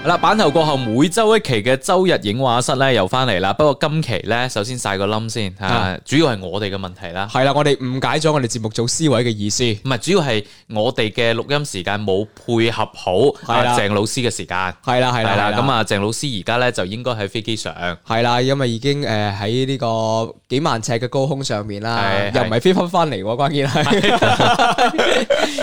好啦，板頭過後每周一期嘅周日影畫室咧，又翻嚟啦。不過今期咧，首先晒個冧先吓，主要係我哋嘅問題啦。係啦，我哋誤解咗我哋節目組思維嘅意思，唔係，主要係我哋嘅錄音時間冇配合好，係啦，鄭老師嘅時間。係啦係啦，係啦。咁啊，鄭老師而家咧就應該喺飛機上。係啦，因為已經誒喺呢個幾萬尺嘅高空上面啦，又唔係飛翻翻嚟喎，關鍵係。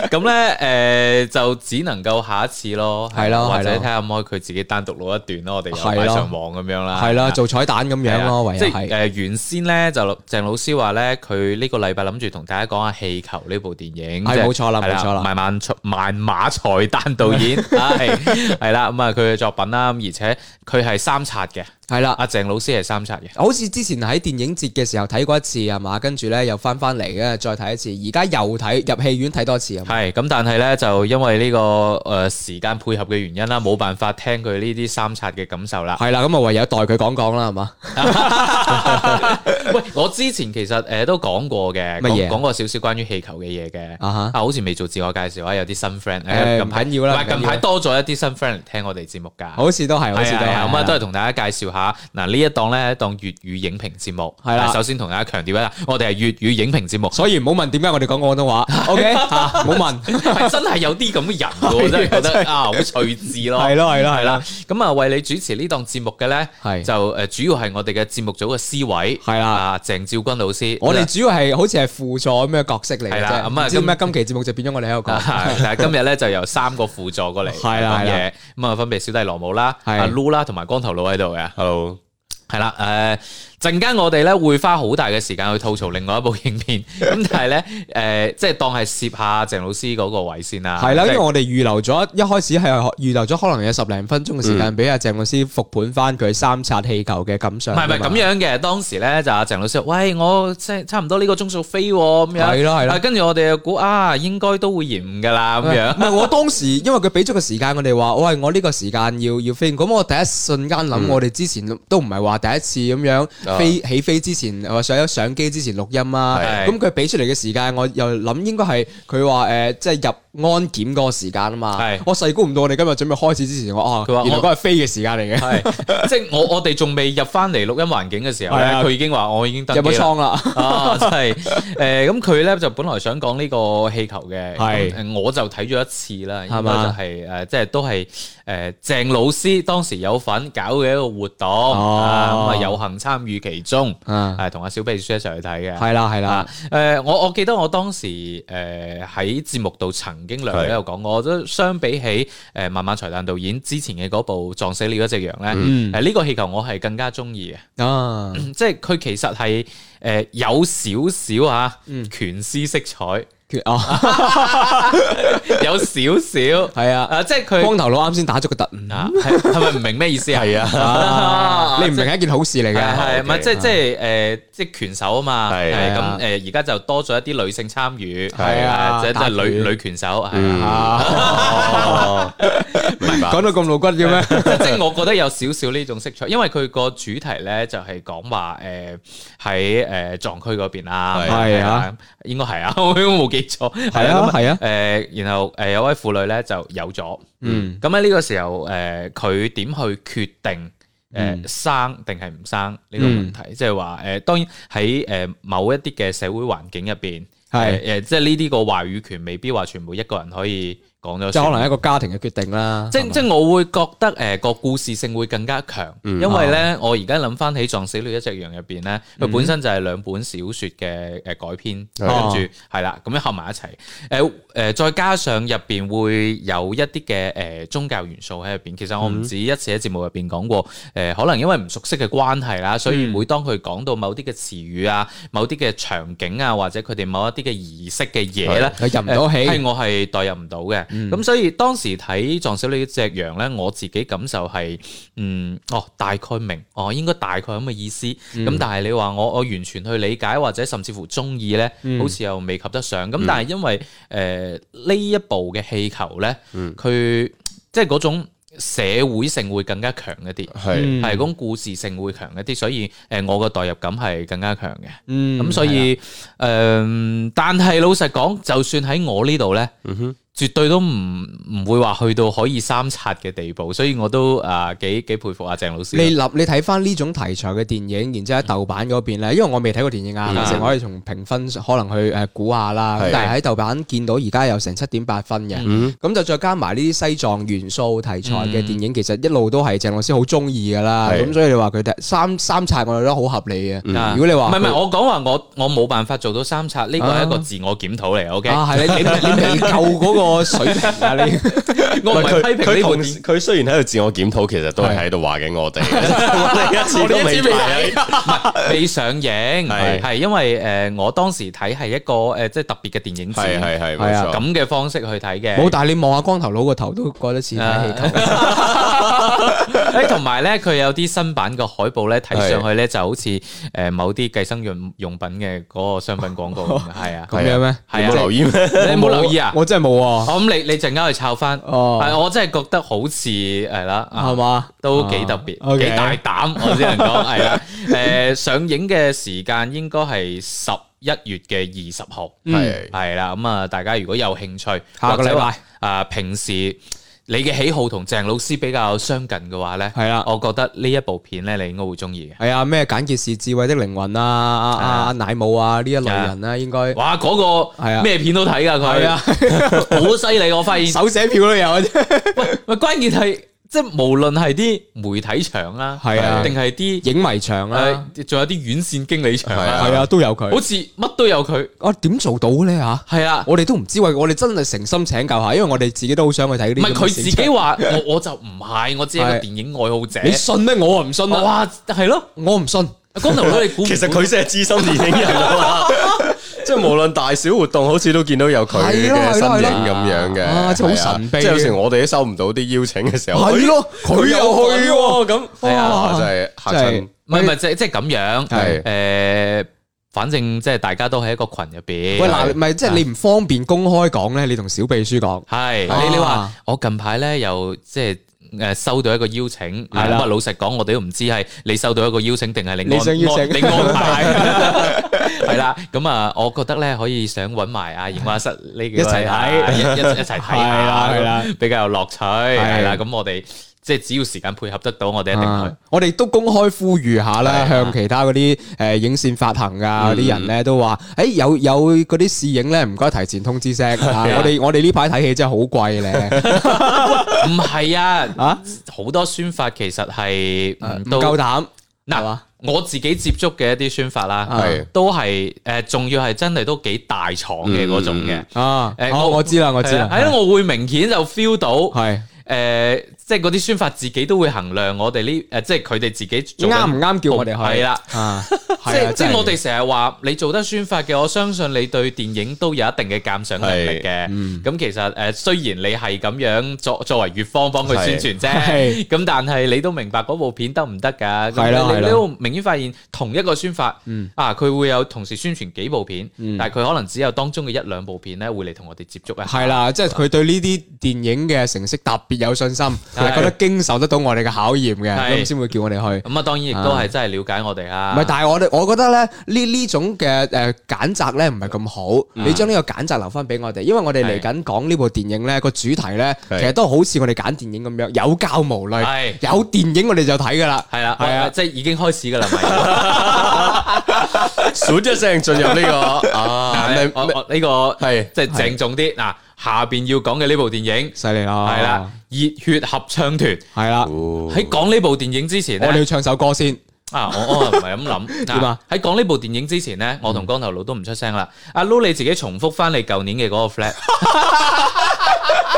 咁咧誒，就只能夠下一次咯，係咯，或者睇下佢自己單獨錄一段咯，我哋又擺上網咁樣啦，係啦，啊、做彩蛋咁樣咯，啊、即係誒、啊、原先咧就鄭老師話咧，佢呢個禮拜諗住同大家講下氣球呢部電影，係冇、哎就是、錯啦，係啦、啊，萬萬萬瑪才旦導演係係啦，咁啊佢嘅、啊啊、作品啦，咁而且佢係三刷嘅。係啦，阿鄭老師係三刷嘅，好似之前喺電影節嘅時候睇過一次係嘛，跟住咧又翻翻嚟咧再睇一次，而家又睇入戲院睇多次。係咁，但係咧就因為呢個誒時間配合嘅原因啦，冇辦法聽佢呢啲三刷嘅感受啦。係啦，咁啊唯有代佢講講啦，係嘛。喂，我之前其實誒都講過嘅乜嘢，講過少少關於氣球嘅嘢嘅。啊哈，啊好似未做自我介紹啊，有啲新 friend。咁緊要啦，近排多咗一啲新 friend 嚟聽我哋節目噶。好似都係，好似都係，咁啊都係同大家介紹。嚇嗱呢一檔咧一檔粵語影評節目係啦，首先同大家強調一下，我哋係粵語影評節目，所以唔好問點解我哋講廣東話，OK？嚇唔好問，真係有啲咁嘅人喎，真係覺得啊好趣致咯，係咯係咯係啦。咁啊為你主持呢檔節目嘅咧，就誒主要係我哋嘅節目組嘅 C 位。係啦，鄭照君老師。我哋主要係好似係輔助咁嘅角色嚟嘅啫。咁啊今期節目就變咗我哋喺度講。今日咧就由三個輔助過嚟，係啦係啦，咁啊分別小弟羅姆啦，阿 Lu 啦，同埋光頭佬喺度嘅。係啦，誒、uh。陣間我哋咧會花好大嘅時間去吐槽另外一部影片，咁但係咧誒，即係當係攝下鄭老師嗰個位先啦。係啦，因為我哋預留咗一開始係預留咗可能有十零分鐘嘅時間俾阿鄭老師復盤翻佢三刷氣球嘅感想。唔係唔係咁樣嘅，當時咧就阿鄭老師，喂，我差唔多呢個鐘數飛咁樣。係咯係咯。跟住我哋估啊，應該都會延誤噶啦咁樣。唔係，我當時因為佢俾咗個時間，我哋話，喂，我呢個時間要要飛。咁我第一瞬間諗，我哋之前都唔係話第一次咁樣。飛起飛之前，或上咗相機之前錄音啦。咁佢俾出嚟嘅時間，我又諗應該係佢話誒，即係入安檢嗰個時間啊嘛，係的我細估唔到我哋今日準備開始之前，我哦、啊，佢話原來嗰個飛嘅時間嚟嘅，係即係我我哋仲未入翻嚟錄音環境嘅時候咧，佢 已經話我已經入咗倉啦，入了倉了 啊，係、就、誒、是，咁佢咧就本來想講呢個氣球嘅，係的， 我就睇咗一次啦，應該就係、是、誒，即係都係。都誒鄭老師當時有份搞嘅一個活動啊，咁啊有幸參與其中，係同阿小秘書一齊去睇嘅。係啦，係啦。誒我我記得我當時誒喺節目度曾經兩喺度講，我都相比起誒萬瑪才旦導演之前嘅嗰部撞死了一隻羊咧，誒呢個氣球我係更加中意嘅。啊，即係佢其實係誒有少少啊權私色彩。哦，有少少係啊，誒，即係佢光頭佬啱先打咗個突，係啊，係咪唔明咩意思啊？係啊，你唔明係一件好事嚟㗎，係唔係？即係即係誒，即係拳手啊嘛，係咁誒，而家就多咗一啲女性參與，係啊，即係女女拳手，係啊。講到咁露骨嘅咩？即係我覺得有少少呢種色彩，因為佢個主題咧就係講話誒喺誒藏區嗰邊啊，係啊，應該係啊，我冇記錯，係啊，係啊，誒，然後誒有位婦女咧就有咗，嗯，咁喺呢個時候誒佢點去決定誒生定係唔生呢個問題？即係話誒，當然喺誒某一啲嘅社會環境入邊，係誒，即係呢啲個話語權未必話全部一個人可以。講咗，可能一個家庭嘅決定啦，即吧即我會覺得誒個、呃、故事性會更加強，嗯、因為咧、嗯、我而家諗翻起撞死了一隻羊入邊咧，佢、嗯、本身就係兩本小説嘅誒改編，哦、跟住係啦，咁樣合埋一齊，誒、呃、誒再加上入邊會有一啲嘅誒宗教元素喺入邊，其實我唔止一次喺節目入邊講過，誒、呃、可能因為唔熟悉嘅關係啦，所以每當佢講到某啲嘅詞語啊、某啲嘅場景啊，或者佢哋某一啲嘅儀式嘅嘢咧，入唔到氣，嗯、係我係代入唔到嘅。咁所以當時睇《撞死你隻羊》咧，我自己感受係，嗯，哦，大概明，哦，應該大概咁嘅意思。咁、嗯、但係你話我，我完全去理解或者甚至乎鍾意咧，好似又未及得上。咁、嗯、但係因為誒呢、呃、一部嘅氣球咧，佢、嗯、即係嗰種社會性會更加強一啲，係係講故事性會強一啲，所以誒我嘅代入感係更加強嘅。咁、嗯、所以誒、嗯嗯，但係老實講，就算喺我呢度咧，嗯絕對都唔唔會話去到可以三刷嘅地步，所以我都啊幾幾佩服阿鄭老師。你諗你睇翻呢種題材嘅電影，然之後喺豆瓣嗰邊咧，因為我未睇過電影啊，平時我可以從評分可能去誒估下啦。但係喺豆瓣見到而家有成七點八分嘅，咁就再加埋呢啲西藏元素題材嘅電影，其實一路都係鄭老師好中意噶啦。咁所以你話佢睇三三刷我哋都好合理嘅。如果你話唔係唔係，我講話我我冇辦法做到三刷，呢個係一個自我檢討嚟，OK？係你你未舊嗰個。個水平啊！你我唔係批評呢，佢雖然喺度自我檢討，其實都係喺度話緊我哋，你一次都未未上映。係因爲誒，我當時睇係一個誒，即係特別嘅電影，係係係咁嘅方式去睇嘅。冇，但係你望下光頭佬個頭都覺得似睇戲。誒，同埋咧，佢有啲新版嘅海報咧，睇上去咧就好似誒某啲計生用用品嘅嗰個商品廣告，係啊，咁樣咩？你冇留意？你冇留意啊？我真係冇啊！咁、哦、你你陣間去炒翻，係、哦、我真係覺得好似係啦，係嘛吧都幾特別，幾、哦 okay、大膽，我只能講係 啦。誒、呃、上映嘅時間應該係十一月嘅二十號，係係是啦。咁、嗯、啊，大家如果有興趣下個禮拜或者話啊、呃，平時。你嘅喜好同鄭老師比較相近嘅話咧，係啦、啊，我覺得呢一部片咧，你應該會中意嘅。係啊，咩簡潔是智慧的靈魂啊，阿阿阿乃母啊，呢、啊啊、一類人啊，啊應該該。哇，嗰、那個係啊，咩片都睇噶佢，啊，好犀利！我發現 手寫票都有啊， 喂喂，關鍵係。即係無論係啲媒體場啦，係啊，定係啲影迷場啦、啊，仲有啲院線經理場、啊，係啊，啊，都有佢，好似乜都有佢、啊啊。啊，點做到咧吓？係啊，我哋都唔知，我我哋真係誠心請教下，因為我哋自己都好想去睇啲。唔係佢自己話， 我我就唔係，我只係個電影愛好者。啊、你信咧，我啊唔、哦啊、信。哇，係咯，我唔信。阿光頭佬，你估？其實佢先係資深電影人。 即係無論大小活動，好似都見到有佢嘅身影咁樣嘅，即係好神秘。即係有時我哋都收唔到啲邀請嘅時候，係咯，佢又去咁。哇，真係真係，唔係唔係，即係即係咁樣。係誒，反正即係大家都喺一個群入邊。喂，嗱，唔係即係你唔方便公開講咧，你同小秘書講。係你你話我近排咧又即係。誒，收到一個邀請，咁啊的，老實講，我哋都唔知係你收到一個邀請，定係另外邀另外派，係 啦。咁啊，我覺得咧可以想揾埋阿影話室你一齊睇，一的一齊睇下，看看的比較有樂趣。係啦的，咁的我哋。即係只要時間配合得到，我哋一定去。我哋都公開呼籲下啦，向其他嗰啲誒影線發行㗎啲人咧，都話誒有有嗰啲試映咧，唔該提前通知聲。我哋我哋呢排睇戲真係好貴咧。唔係啊，啊好多宣發其實係唔夠膽嗱，我自己接觸嘅一啲宣發啦，都係誒，仲要係真係都幾大廠嘅嗰種嘅啊。誒，我我知啦，我知啦。係咯，我會明顯就 feel 到係。誒，即係嗰啲宣發自己都會衡量我哋呢誒，即係佢哋自己啱唔啱叫我哋去？係啦，即係我哋成日話你做得宣發嘅，我相信你對電影都有一定嘅鑑賞能力嘅。咁其實誒，雖然你係咁樣作作為乙方幫佢宣傳啫，咁但係你都明白嗰部片得唔得㗎？係啦，你都明顯發現同一個宣發，啊，佢會有同時宣傳幾部片，但係佢可能只有當中嘅一兩部片咧會嚟同我哋接觸啊。係啦，即係佢對呢啲電影嘅成色特別有信心，佢係覺得經受得到我哋嘅考驗嘅，咁先會叫我哋去。咁啊，當然亦都係真係了解我哋啊。唔係，但係我哋，我覺得咧呢呢種嘅誒揀擇咧唔係咁好。你將呢個揀擇留翻俾我哋，因為我哋嚟緊講呢部電影咧個主題咧，其實都好似我哋揀電影咁樣，有教無類。係，有電影我哋就睇噶啦。係啦，係啊，即係已經開始噶啦。唞一聲，進入呢個啊，呢個係即係鄭重啲嗱。下邊要講嘅呢部電影，犀利啦，係啦了，熱血合唱團，係啦了，喺講呢部電影之前，我哋要唱首歌先啊！我我唔係咁諗，點啊？喺講呢部電影之前咧，我同光頭佬都唔出聲啦。阿 Lo 你自己重複翻你舊年嘅嗰個 flat。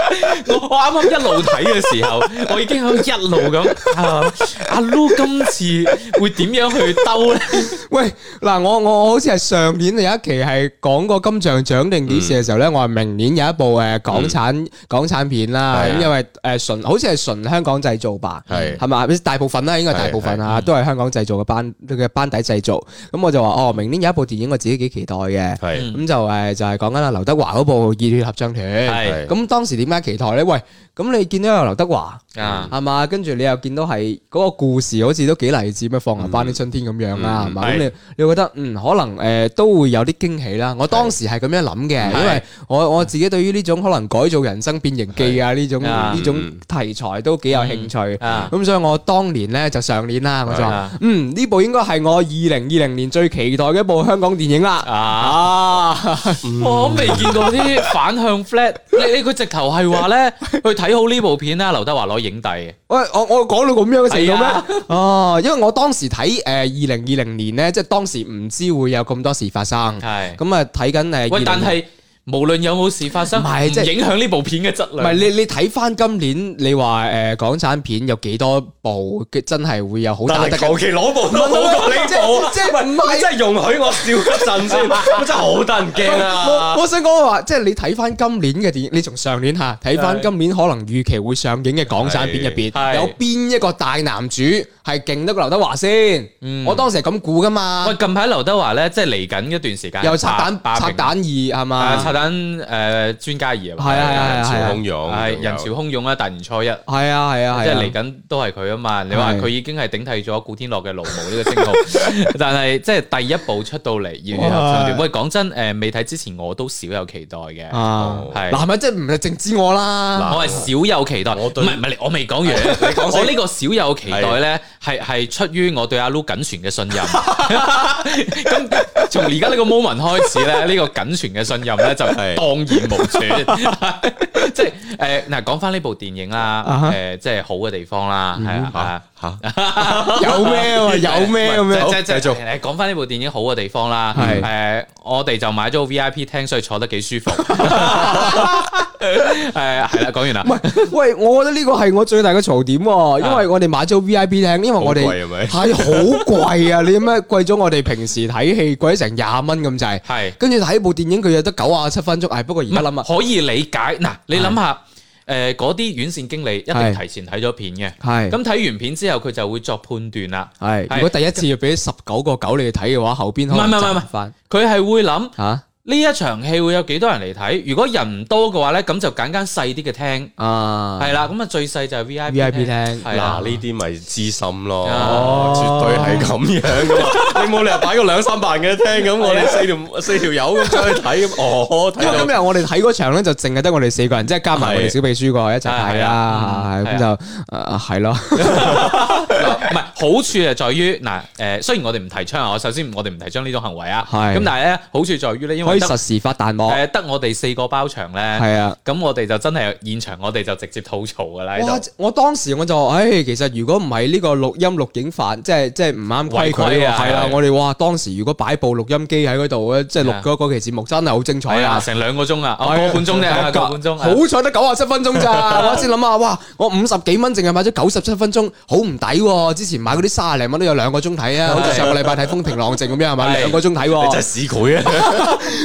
我啱啱一路睇嘅時候，我已經喺一路咁啊！阿 Lu 今次會點樣去兜咧？喂，嗱，我我好似係上年有一期係講過金像獎定幾時嘅時候咧，我話明年有一部誒港產港產片啦，因為誒純好似係純香港製造吧，係係嘛，大部分啦，應該大部分啊都係香港製造嘅班嘅班底製作，咁我就話哦，明年有一部電影，我自己幾期待嘅，係咁就誒就係講緊阿劉德華嗰部《熱血合唱團》，係咁當時點解？其他咧，喂。咁你見到有劉德華，啊，係嘛？跟住你又見到係個故事，好似都幾勵志咩《放牛班的春天》咁樣啦，係嘛？咁你你覺得嗯，可能誒都會有啲驚喜啦。我當時係咁樣諗嘅，因為我我自己對於呢種可能改造人生變形記啊呢種呢種題材都幾有興趣。咁所以我當年咧就上年啦我就，嗯，呢部應該係我二零二零年最期待嘅一部香港電影啦。啊，我未見過啲反向 flat，你呢個直頭係話咧去睇。睇好呢部片啦，劉德華攞影帝。喂，我我講到咁樣嘅程度咩？哦、啊啊，因為我當時睇誒，二零二零年咧，即係當時唔知會有咁多事發生。係咁啊，睇緊誒。喂，但係。無論有冇事發生，唔係即係影響呢部片嘅質量。唔係你你睇翻今年你話誒、呃、港產片有幾多部真係會有好大嘅？求其攞部，部，攞、就是、你即係唔係？即係容許我笑一陣先，我真係好得人驚啊！我想講話，即、就、係、是、你睇翻今年嘅電影，你從上年嚇睇翻今年可能預期會上映嘅港產片入邊，有邊一個大男主？係勁得過劉德華先，我當時係咁估㗎嘛。喂，近排劉德華咧，即係嚟緊一段時間。有《拆彈拆彈二》係嘛？拆彈誒，專家二係係係人潮洶湧，係人潮洶湧啦！大年初一係啊係啊，即係嚟緊都係佢啊嘛。你話佢已經係頂替咗古天樂嘅勞模呢個稱號，但係即係第一部出到嚟，然後長段喂，講真誒，未睇之前我都少有期待嘅。係係咪即係唔係淨知我啦？我係少有期待，唔係唔係，我未講完，我呢個少有期待咧。係係出於我對阿盧僅存嘅信任，咁從而家呢個 moment 開始咧，呢 個僅存嘅信任咧就蕩然無存。即係誒，嗱、呃，講翻呢部電影啦，誒、uh，即、huh. 係、呃、好嘅地方啦，係、uh huh. 啊。Uh huh. 吓，有咩啊？有咩咁樣？繼續，嚟講翻呢部電影好嘅地方啦。係是，誒、呃，我哋就買咗 V I P 廳，所以坐得幾舒服。誒、 呃，係啦，講完啦。唔係，喂，我覺得呢個係我最大嘅槽點喎，因為我哋買咗 V I P 廳，因為我哋係好貴啊！你咩貴咗？貴我哋平時睇戲貴成廿蚊咁滯，係。跟住睇部電影，佢有得九啊七分鐘，係。不過而家諗下，可以理解。嗱，你諗下。誒嗰啲院線經理一定提前睇咗片嘅，係咁睇完片之後佢就會作判斷啦。是是如果第一次要俾十九個九你去睇嘅話，那後邊可以再翻。佢係會諗呢一場戲會有幾多人嚟睇？如果人多嘅話咧，咁就揀間細啲嘅廳啊，係啦。咁啊最細就係 V I V I P 廳。嗱，呢啲咪知心咯，絕對係咁樣嘅。你冇理由擺個兩三百人嘅廳咁，我哋四條四條友咁出去睇。哦，因為今日我哋睇嗰場咧，就淨係得我哋四個人，即係加埋我哋小秘書過一齊睇啊。咁就啊係咯。唔係，好處係在於嗱，誒，雖然我哋唔提倡啊，我首先我哋唔提倡呢種行為啊。係。咁但係咧，好處在於咧，因為實時發彈幕，誒，得我哋四個包場咧，係啊，咁我哋就真係現場，我哋就直接吐槽噶啦。哇！我當時我就，誒，其實如果唔係呢個錄音錄影法，即係即係唔啱規矩啊，係啦，我哋哇，當時如果擺部錄音機喺嗰度咧，即係錄咗嗰期節目，真係好精彩啊，成兩個鐘啊，個半鐘啫，半鐘，好彩得九十七分鐘咋，我先諗下，哇，我五十幾蚊淨係買咗九十七分鐘，好唔抵喎！之前買嗰啲卅零蚊都有兩個鐘睇啊，好似上個禮拜睇《風平浪靜》咁樣係嘛，兩個鐘睇，真係屎佢啊！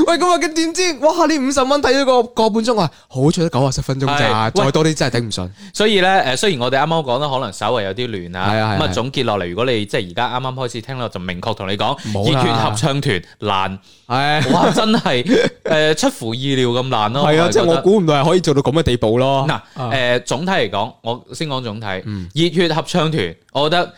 喂，咁啊，咁點知？哇，呢五十蚊睇咗個個半鐘啊，好彩得九十七分鐘咋，是再多啲真係頂唔順。所以咧，誒，雖然我哋啱啱講得可能稍微有啲亂啊。咁啊，啊總結落嚟，如果你即係而家啱啱開始聽落，就明確同你講，熱血合唱團爛，係、哎、哇，真係誒出乎意料咁爛咯。係啊，啊，即係我估唔到係可以做到咁嘅地步咯。嗱、啊，誒、呃，總體嚟講，我先講總體，熱、嗯、血合唱團，我覺得。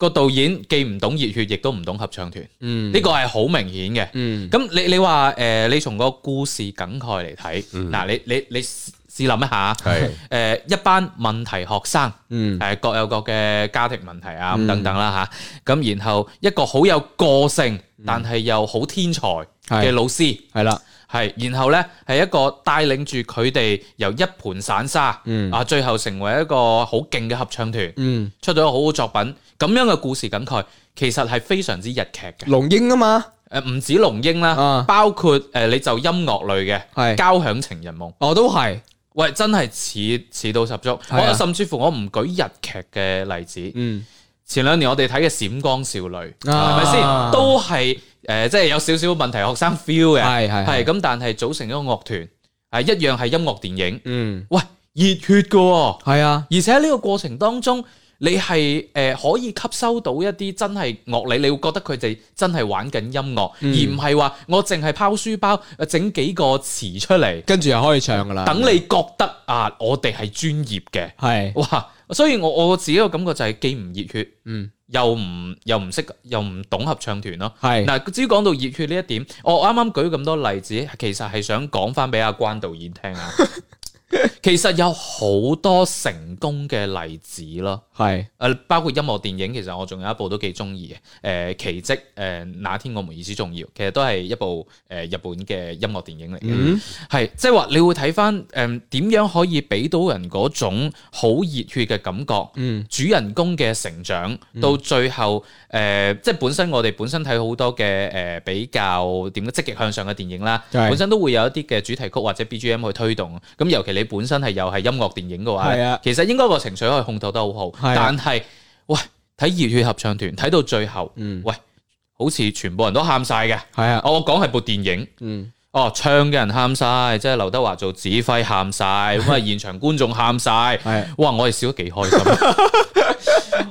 個導演既唔懂熱血，亦都唔懂合唱團，呢個係好明顯嘅。咁、嗯、你你話誒、呃，你從個故事梗概嚟睇，嗱、嗯、你你你試諗一下，誒係、呃、一班問題學生，誒、嗯、各有各嘅家庭問題啊咁等等啦嚇。咁、嗯啊、然後一個好有個性，嗯、但係又好天才嘅老師，係啦。係，然後呢，係一個帶領住佢哋由一盤散沙，啊，最後成為一個好勁嘅合唱團，出咗好好作品，咁樣嘅故事梗概，其實係非常之日劇嘅。龍櫻啊嘛，誒，唔止龍櫻啦，包括誒，你就音樂類嘅，交響情人夢，哦，都係，喂，真係似似到十足，我甚至乎我唔舉日劇嘅例子，嗯，前兩年我哋睇嘅閃光少女，係咪先？都係。誒，即係有少少問題，學生 feel 嘅係係咁，但係組成一個樂團係一樣係音樂電影。嗯，喂，熱血噶係啊！而且呢個過程當中，你係誒可以吸收到一啲真係樂理，你會覺得佢哋真係玩緊音樂，而唔係話我淨係拋書包整幾個詞出嚟，跟住又可以唱噶啦。等你覺得啊，我哋係專業嘅係哇，所以我我自己個感覺就係既唔熱血，嗯。又唔又唔識又唔懂合唱團咯，係嗱是。至於講到熱血呢一點，我啱啱舉咁多例子，其實係想講翻俾阿關導演聽啊。 其實有好多成功嘅例子咯，係誒包括音樂電影，其實我仲有一部都幾中意嘅，誒奇蹟，誒、呃、那天我們意思重要，其實都係一部誒日本嘅音樂電影嚟嘅，係即係話你會睇翻，誒、嗯、點樣可以俾到人嗰種好熱血嘅感覺，嗯、主人公嘅成長到最後，誒、呃、即係本身我哋本身睇好多嘅誒比較點樣積極向上嘅電影啦，對本身都會有一啲嘅主題曲或者 BGM 去推動，咁尤其、嗯你本身係又係音樂電影嘅話，係啊，其實應該個情緒可以控制得好好。但係喂，睇熱血合唱團睇到最後，嗯，喂，好似全部人都喊晒嘅。係啊，我講係部電影，嗯，哦，唱嘅人喊晒，即係劉德華做指揮喊晒，咁啊現場觀眾喊晒，係哇，我哋笑得幾開心，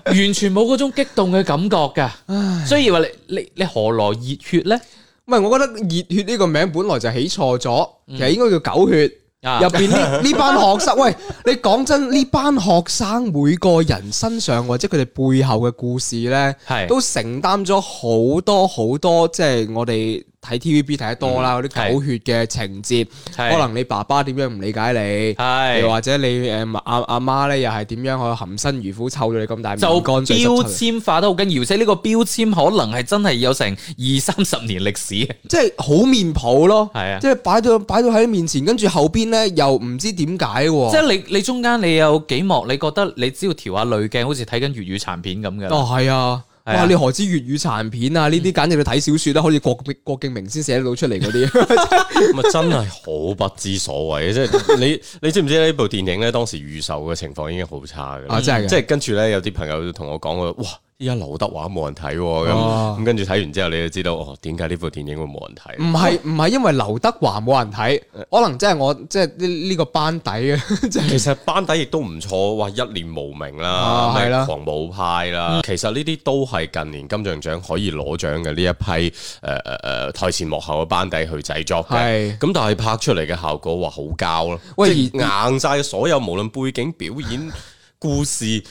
完全冇嗰種激動嘅感覺噶。所以話你你何來熱血呢？唔係，我覺得熱血呢個名本來就起錯咗，其實應該叫狗血。入邊呢呢班學生， 喂，你講真呢班學生每個人身上或者佢哋背後嘅故事呢，是的 都承擔咗好多好多，即係我哋。睇 TVB 睇得多啦，嗰啲狗血嘅情節，是的 可能你爸爸點樣唔理解你，又是的 或者你誒阿阿媽咧又係點樣去含辛茹苦湊咗你咁大面，就標籤化得好緊要，而且呢個標籤可能係真係有成二三十年歷史的，即係好面譜咯，即係擺到擺到喺面前，跟住後邊咧又唔知點解，即係你你中間你有幾幕你覺得你只要調下濾鏡，好似睇緊粵語殘片咁嘅。哦，係啊。哇！你何止粵語殘片啊？呢啲簡直去睇小說啦，好似郭郭敬明先寫到出嚟嗰啲，咪 真係好不知所謂嘅。即係 你你知唔知呢部電影咧？當時預售嘅情況已經好差㗎。啊，真係！即係跟住咧，有啲朋友同我講過，哇！.依家劉德華冇人睇咁咁，跟住睇完之後你就知道哦，點解呢部電影會冇人睇？唔係唔係因為劉德華冇人睇，呃、可能真係我即係呢呢個班底嘅。其實班底亦都唔錯，話一念無明啦，狂舞、啊、派啦，嗯、其實呢啲都係近年金像獎可以攞獎嘅呢一批誒誒誒台前幕後嘅班底去製作嘅。咁但係拍出嚟嘅效果話好膠咯，喂硬晒所有無論背景、表演、故事。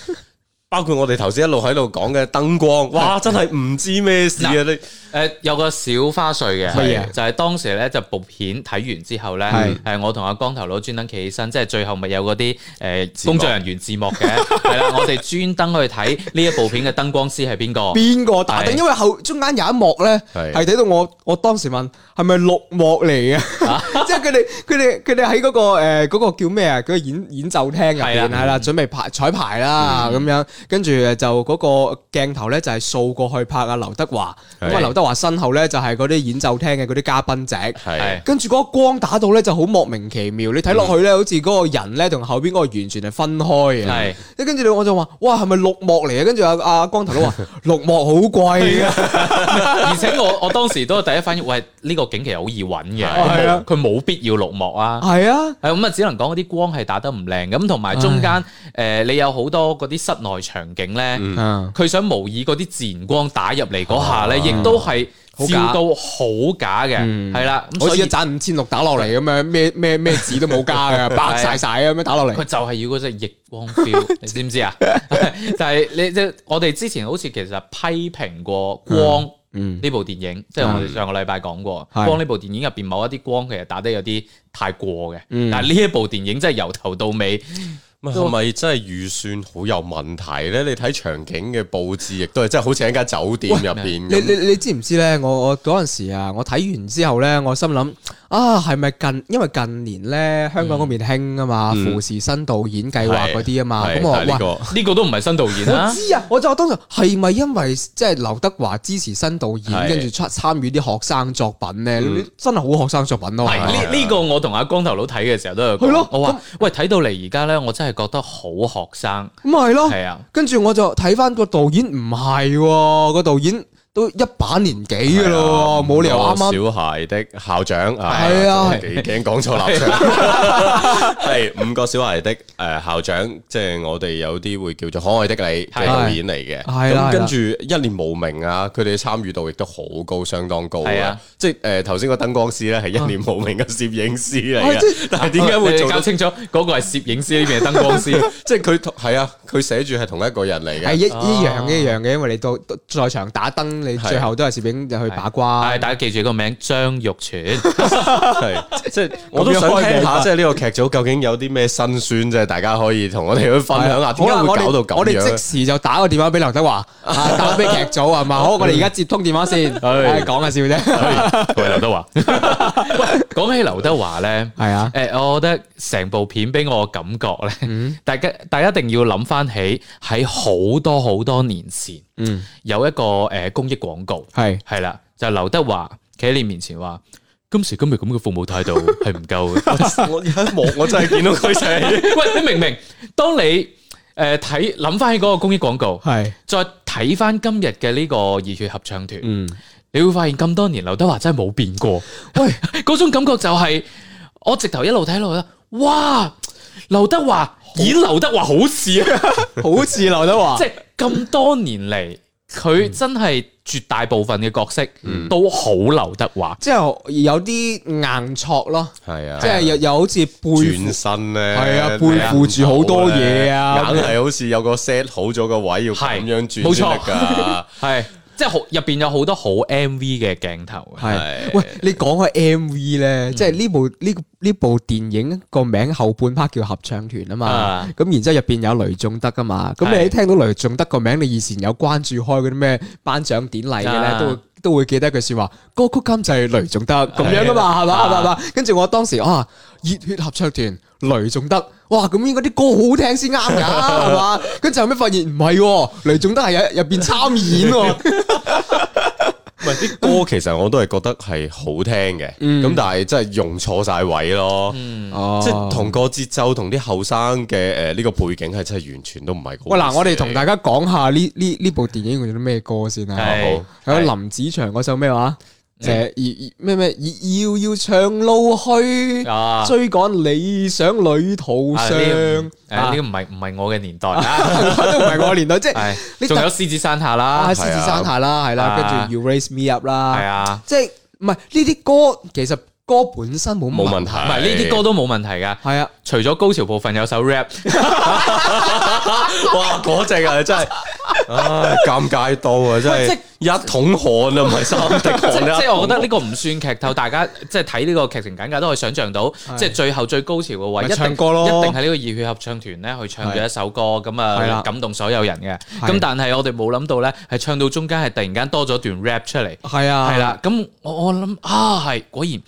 包括我哋頭先一路喺度講嘅燈光，哇，真係唔知咩事啊！的你誒、呃，有個小花絮嘅的，就係、是、當時咧就部片睇完之後咧，係誒的、呃，我同阿光頭佬專登企起身，即係最後咪有嗰啲誒工作人員字幕嘅，係啦， 我哋專登去睇呢一部片嘅燈光師係邊個？邊個打燈？因為後中間有一幕咧，係睇的到我，我當時問係咪綠幕嚟啊？是 即係佢哋，佢哋，佢哋喺嗰個誒，嗰個叫咩啊？嗰個演演奏廳入邊係啦，準備排彩排啦，咁樣跟住就嗰個鏡頭咧，就係掃過去拍阿劉德華。咁啊，劉德華身後咧就係嗰啲演奏廳嘅嗰啲嘉賓席。係，跟住嗰個光打到咧就好莫名其妙。你睇落去咧，好似嗰個人咧同後邊嗰個完全係分開嘅。係，即跟住你我就話：，哇，係咪綠幕嚟啊？跟住阿阿光頭佬話：綠幕好貴啊！而且我我當時都第一反應：，喂，呢個景其實好易搵嘅。係啊，佢冇。冇必要綠幕啊！係啊，係咁啊，只能講嗰啲光係打得唔靚咁，同埋中間誒唉、呃，你有好多嗰啲室內場景咧，佢、嗯、想模擬嗰啲自然光打入嚟嗰下咧，亦、啊、都係照到好假嘅，係啦、嗯。所以一盞五千六打落嚟咁樣，咩咩咩紙都冇加嘅，白晒晒咁樣打落嚟。佢就係要嗰隻逆光 feel 你知唔知啊？真 就係你即係我哋之前好似其實批評過光。嗯嗯，呢部電影、嗯、即係我哋上個禮拜講過，嗯、光呢部電影入邊某一啲光其實打得有啲太過嘅，嗯、但係呢一部電影真係由頭到尾。咪係咪真係預算好有問題咧？你睇場景嘅佈置，亦都係真係好似喺間酒店入邊。你你你知唔知咧？我我嗰陣時啊，我睇完之後咧，我心諗啊，係咪近？因為近年咧，香港嗰邊興啊嘛，扶持新導演計劃嗰啲啊嘛。咁我話呢個，呢個都唔係新導演。我知啊，我就當時係咪因為即係劉德華支持新導演，跟住出參與啲學生作品咧？真係好學生作品咯。呢呢個我同阿光頭佬睇嘅時候都係。佢咯。我話喂，睇到嚟而家咧，我真係。係覺得好學生，咪係咯，係啊，跟住我就睇翻個導演，唔係個導演。都一把年紀嘅咯，冇理由啱小孩的校長係啊，驚講錯立場，係五個小孩的誒校長，即係我哋有啲會叫做可愛的你嘅片嚟嘅。係跟住一念無明啊，佢哋參與度亦都好高，相當高啊！即係誒頭先個燈光師咧係一念無明嘅攝影師嚟嘅。但係點解會搞清楚嗰個係攝影師呢邊係燈光師？即係佢係啊，佢寫住係同一個人嚟嘅，係一樣一樣嘅，因為你到在場打燈。最後都係攝影入去把關，大家記住個名張玉全。係即係我都想聽下，即係呢個劇組究竟有啲咩辛酸，即係大家可以同我哋去分享下，點解會搞到咁？我哋即時就打個電話俾劉德華，打俾劇組係嘛？好，我哋而家接通電話先，講下笑啫。喂，劉德華，喂，講起劉德華咧，係啊，誒，我覺得成部片俾我感覺咧，大家，大家一定要諗翻起喺好多好多年前。嗯，有一個誒公益廣告係係啦，就劉、是、德華企喺你面前話，今時今日咁嘅服務態度係唔夠。 我一望我真係見到佢死。 喂，你明明當你誒睇諗翻起嗰個公益廣告，係是再睇翻今日嘅呢個熱血合唱團，是你會發現咁多年劉德華真係冇變過。喂，嗰種感覺就係、是、我直頭一路睇落去，哇！劉德華演劉德華好似、啊，好似劉德華即 咁多年嚟，佢真係絕大部分嘅角色都好劉德華，嗯、即係有啲硬挫咯，係啊，即係又又好似背轉身咧，係啊，背負住好多嘢啊，硬係的好似有個 set 好咗個位要咁樣轉，冇錯噶，係。 即係好入邊有好多好 M V 嘅鏡頭，係是喂，你講開 M V 咧，嗯、即係呢部呢呢部電影個名後半 part 叫合唱團啊嘛，咁、啊、然之後入邊有雷仲德啊嘛，咁是你聽到雷仲德個名，你以前有關注開啲咩頒獎典禮嘅咧都會。都會記得一句說話，歌曲監製雷仲德咁樣噶嘛，係嘛，係嘛。跟住我當時啊，熱血合唱團雷仲德，哇！咁應該啲歌好聽先啱噶，係嘛。跟住後尾發現唔係，雷仲德係喺入邊參演。 唔係，啲歌其實我都係覺得係好聽嘅，咁、嗯、但係真係用錯晒位咯，嗯、即係同個節奏同啲後生嘅誒呢個背景係真係完全都唔係。喂，嗱，我哋同大家講下呢呢呢部電影叫做咩歌先啊？係林子祥嗰首咩話、啊？即係，咩咩要要長路去追趕理想，旅途上誒，呢個唔係唔係我嘅年代，都唔係我嘅年代，即係仲有獅子山下啦，獅子山下啦，係啦，跟住 You Raise Me Up 啦，係啊，即係唔係呢啲歌，其實歌本身冇冇問題，唔係呢啲歌都冇問題㗎，係啊，除咗高潮部分有首 rap，哇，嗰隻啊，真係，唉，尷尬到啊，真係。一桶汗啊，唔係三滴汗。即係我覺得呢個唔算劇透，大家即係睇呢個劇情簡介都可以想象到，即係最後最高潮嘅位，唱歌咯，一定係呢個熱血合唱團咧去唱咗一首歌，咁啊感動所有人嘅。咁但係我哋冇諗到咧，係唱到中間係突然間多咗段 rap 出嚟。係啊，係啦。咁我我諗啊，係果然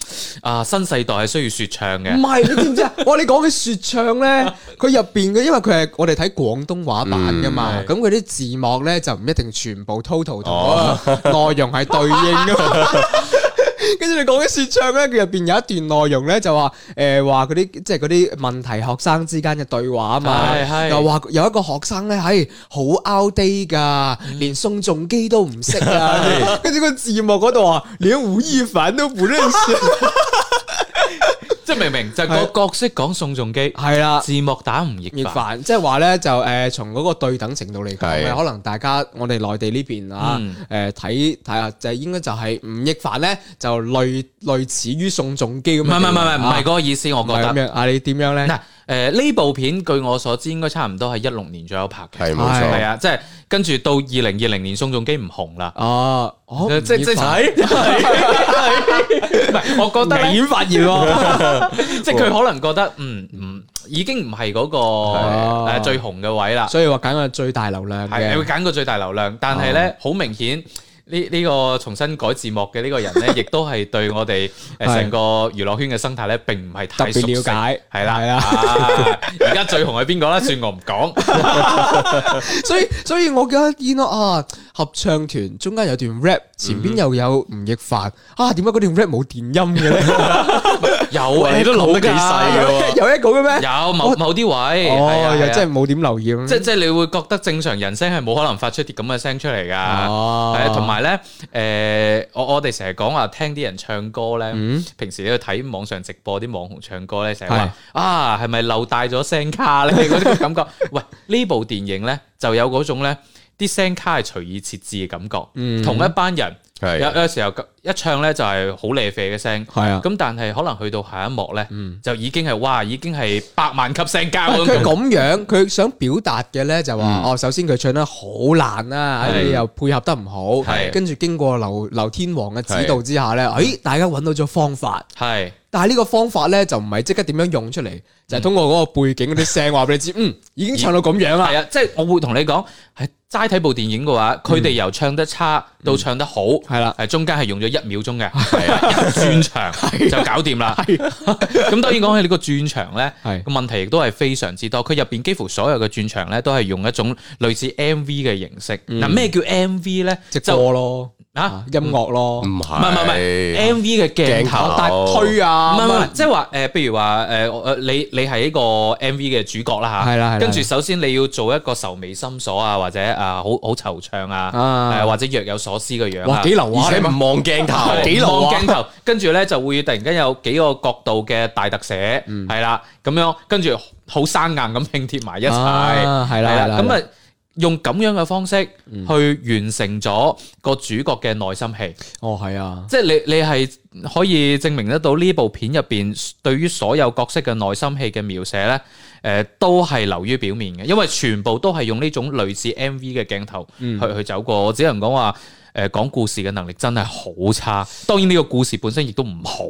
啊新世代係需要説唱嘅。唔係你知唔知啊？我哋講嘅説唱咧，佢入邊嘅因為佢係我哋睇廣東話版嘅嘛，咁佢啲字幕咧就唔一定全部 total 咗。內容係對應噶跟住 你講啲説唱咧，佢入邊有一段內容咧就話，誒話嗰啲即係嗰啲問題學生之間嘅對話嘛，係係 又話有一個學生咧，係、哎、好 outdate 噶連宋仲基都唔識啊，跟住 個字幕度到，連吳亦凡都唔認識。 即明明就係個角色講宋仲基，係啦的字幕打吳亦凡，亦飯即係話咧就誒、呃、從嗰個對等程度嚟講，的可能大家我哋內地呢邊啊誒睇睇啊，就、嗯呃、應該就係、是、吳亦凡咧就類類似於宋仲基咁，唔係唔係唔係唔係嗰個意思，啊、我覺得咁樣你樣啊你點樣咧？誒，呢部片據我所知應該差唔多係一六年左右拍嘅，係冇錯，係啊，即係跟住到二零二零年宋仲基唔紅啦，哦，即即係，唔係，我覺得明顯發現咯，即係佢可能覺得，嗯嗯，已經唔係嗰個最紅嘅位啦，所以話揀個最大流量，係，你會揀個最大流量，但係呢，好明顯。呢呢個重新改字幕嘅呢個人呢， 亦都係對我哋誒成個娛樂圈嘅生態呢，並唔係太特別了解。係啦的，而家、 啊、最紅係邊個呢？算我唔講。 所以所以，我見到啊合唱團中間有段 rap，前邊又有吳亦凡啊，點解嗰段 rap 冇電音嘅咧？ 有啊，你都漏得幾細嘅喎？有一個嘅咩？有某某啲位，係啊，又真係冇點留意咯。即即係你會覺得正常人聲係冇可能發出啲咁嘅聲出嚟㗎。哦，係啊，同埋咧，誒，我我哋成日講話聽啲人唱歌咧，平時你去睇網上直播啲網紅唱歌咧，成日話啊，係咪漏帶咗聲卡咧？嗰種感覺。喂，呢部電影咧就有嗰種咧，啲聲卡係隨意設置嘅感覺。同一班人有有時候一唱咧就係好瀨啡嘅聲，係啊，咁但係可能去到下一幕咧，就已經係哇，已經係百萬級聲交。佢咁樣，佢想表達嘅咧就話：哦，首先佢唱得好難啦，又配合得唔好，跟住經過劉劉天王嘅指導之下咧，哎，大家揾到咗方法。係，但係呢個方法咧就唔係即刻點樣用出嚟，就係通過嗰個背景嗰啲聲話俾你知，嗯，已經唱到咁樣啦。係啊，即係我會同你講，係齋睇部電影嘅話，佢哋由唱得差到唱得好，係啦，中間係用咗。一秒鐘嘅，係啊，轉場就搞掂啦。咁當然講起呢個轉場咧，個問題亦都係非常之多。佢入邊幾乎所有嘅轉場咧，都係用一種類似 MV 嘅形式。嗱，咩叫 MV 咧？即係歌咯，啊，音樂咯，唔係唔係唔係 MV 嘅鏡頭、大推啊，唔係唔係，即係話誒，譬如話誒誒，你你係呢個 MV 嘅主角啦吓，係啦，跟住首先你要做一個愁眉深鎖啊，或者啊，好好惆悵啊，誒，或者若有所思嘅樣，幾流啊，而且唔望鏡。鏡、啊、頭，望鏡頭，跟住呢就會突然間有幾個角度嘅大特寫，係啦、嗯，咁樣跟住好生硬咁拼貼埋一齊，係啦，咁啊，用咁樣嘅方式去完成咗個主角嘅內心戲。嗯、哦，係啊，即係你你係。可以證明得到呢部片入邊對於所有角色嘅內心戲嘅描寫呢，誒、呃、都係流於表面嘅，因為全部都係用呢種類似 MV 嘅鏡頭去去走過。嗯、我只能講話誒講故事嘅能力真係好差。當然呢個故事本身亦都唔好。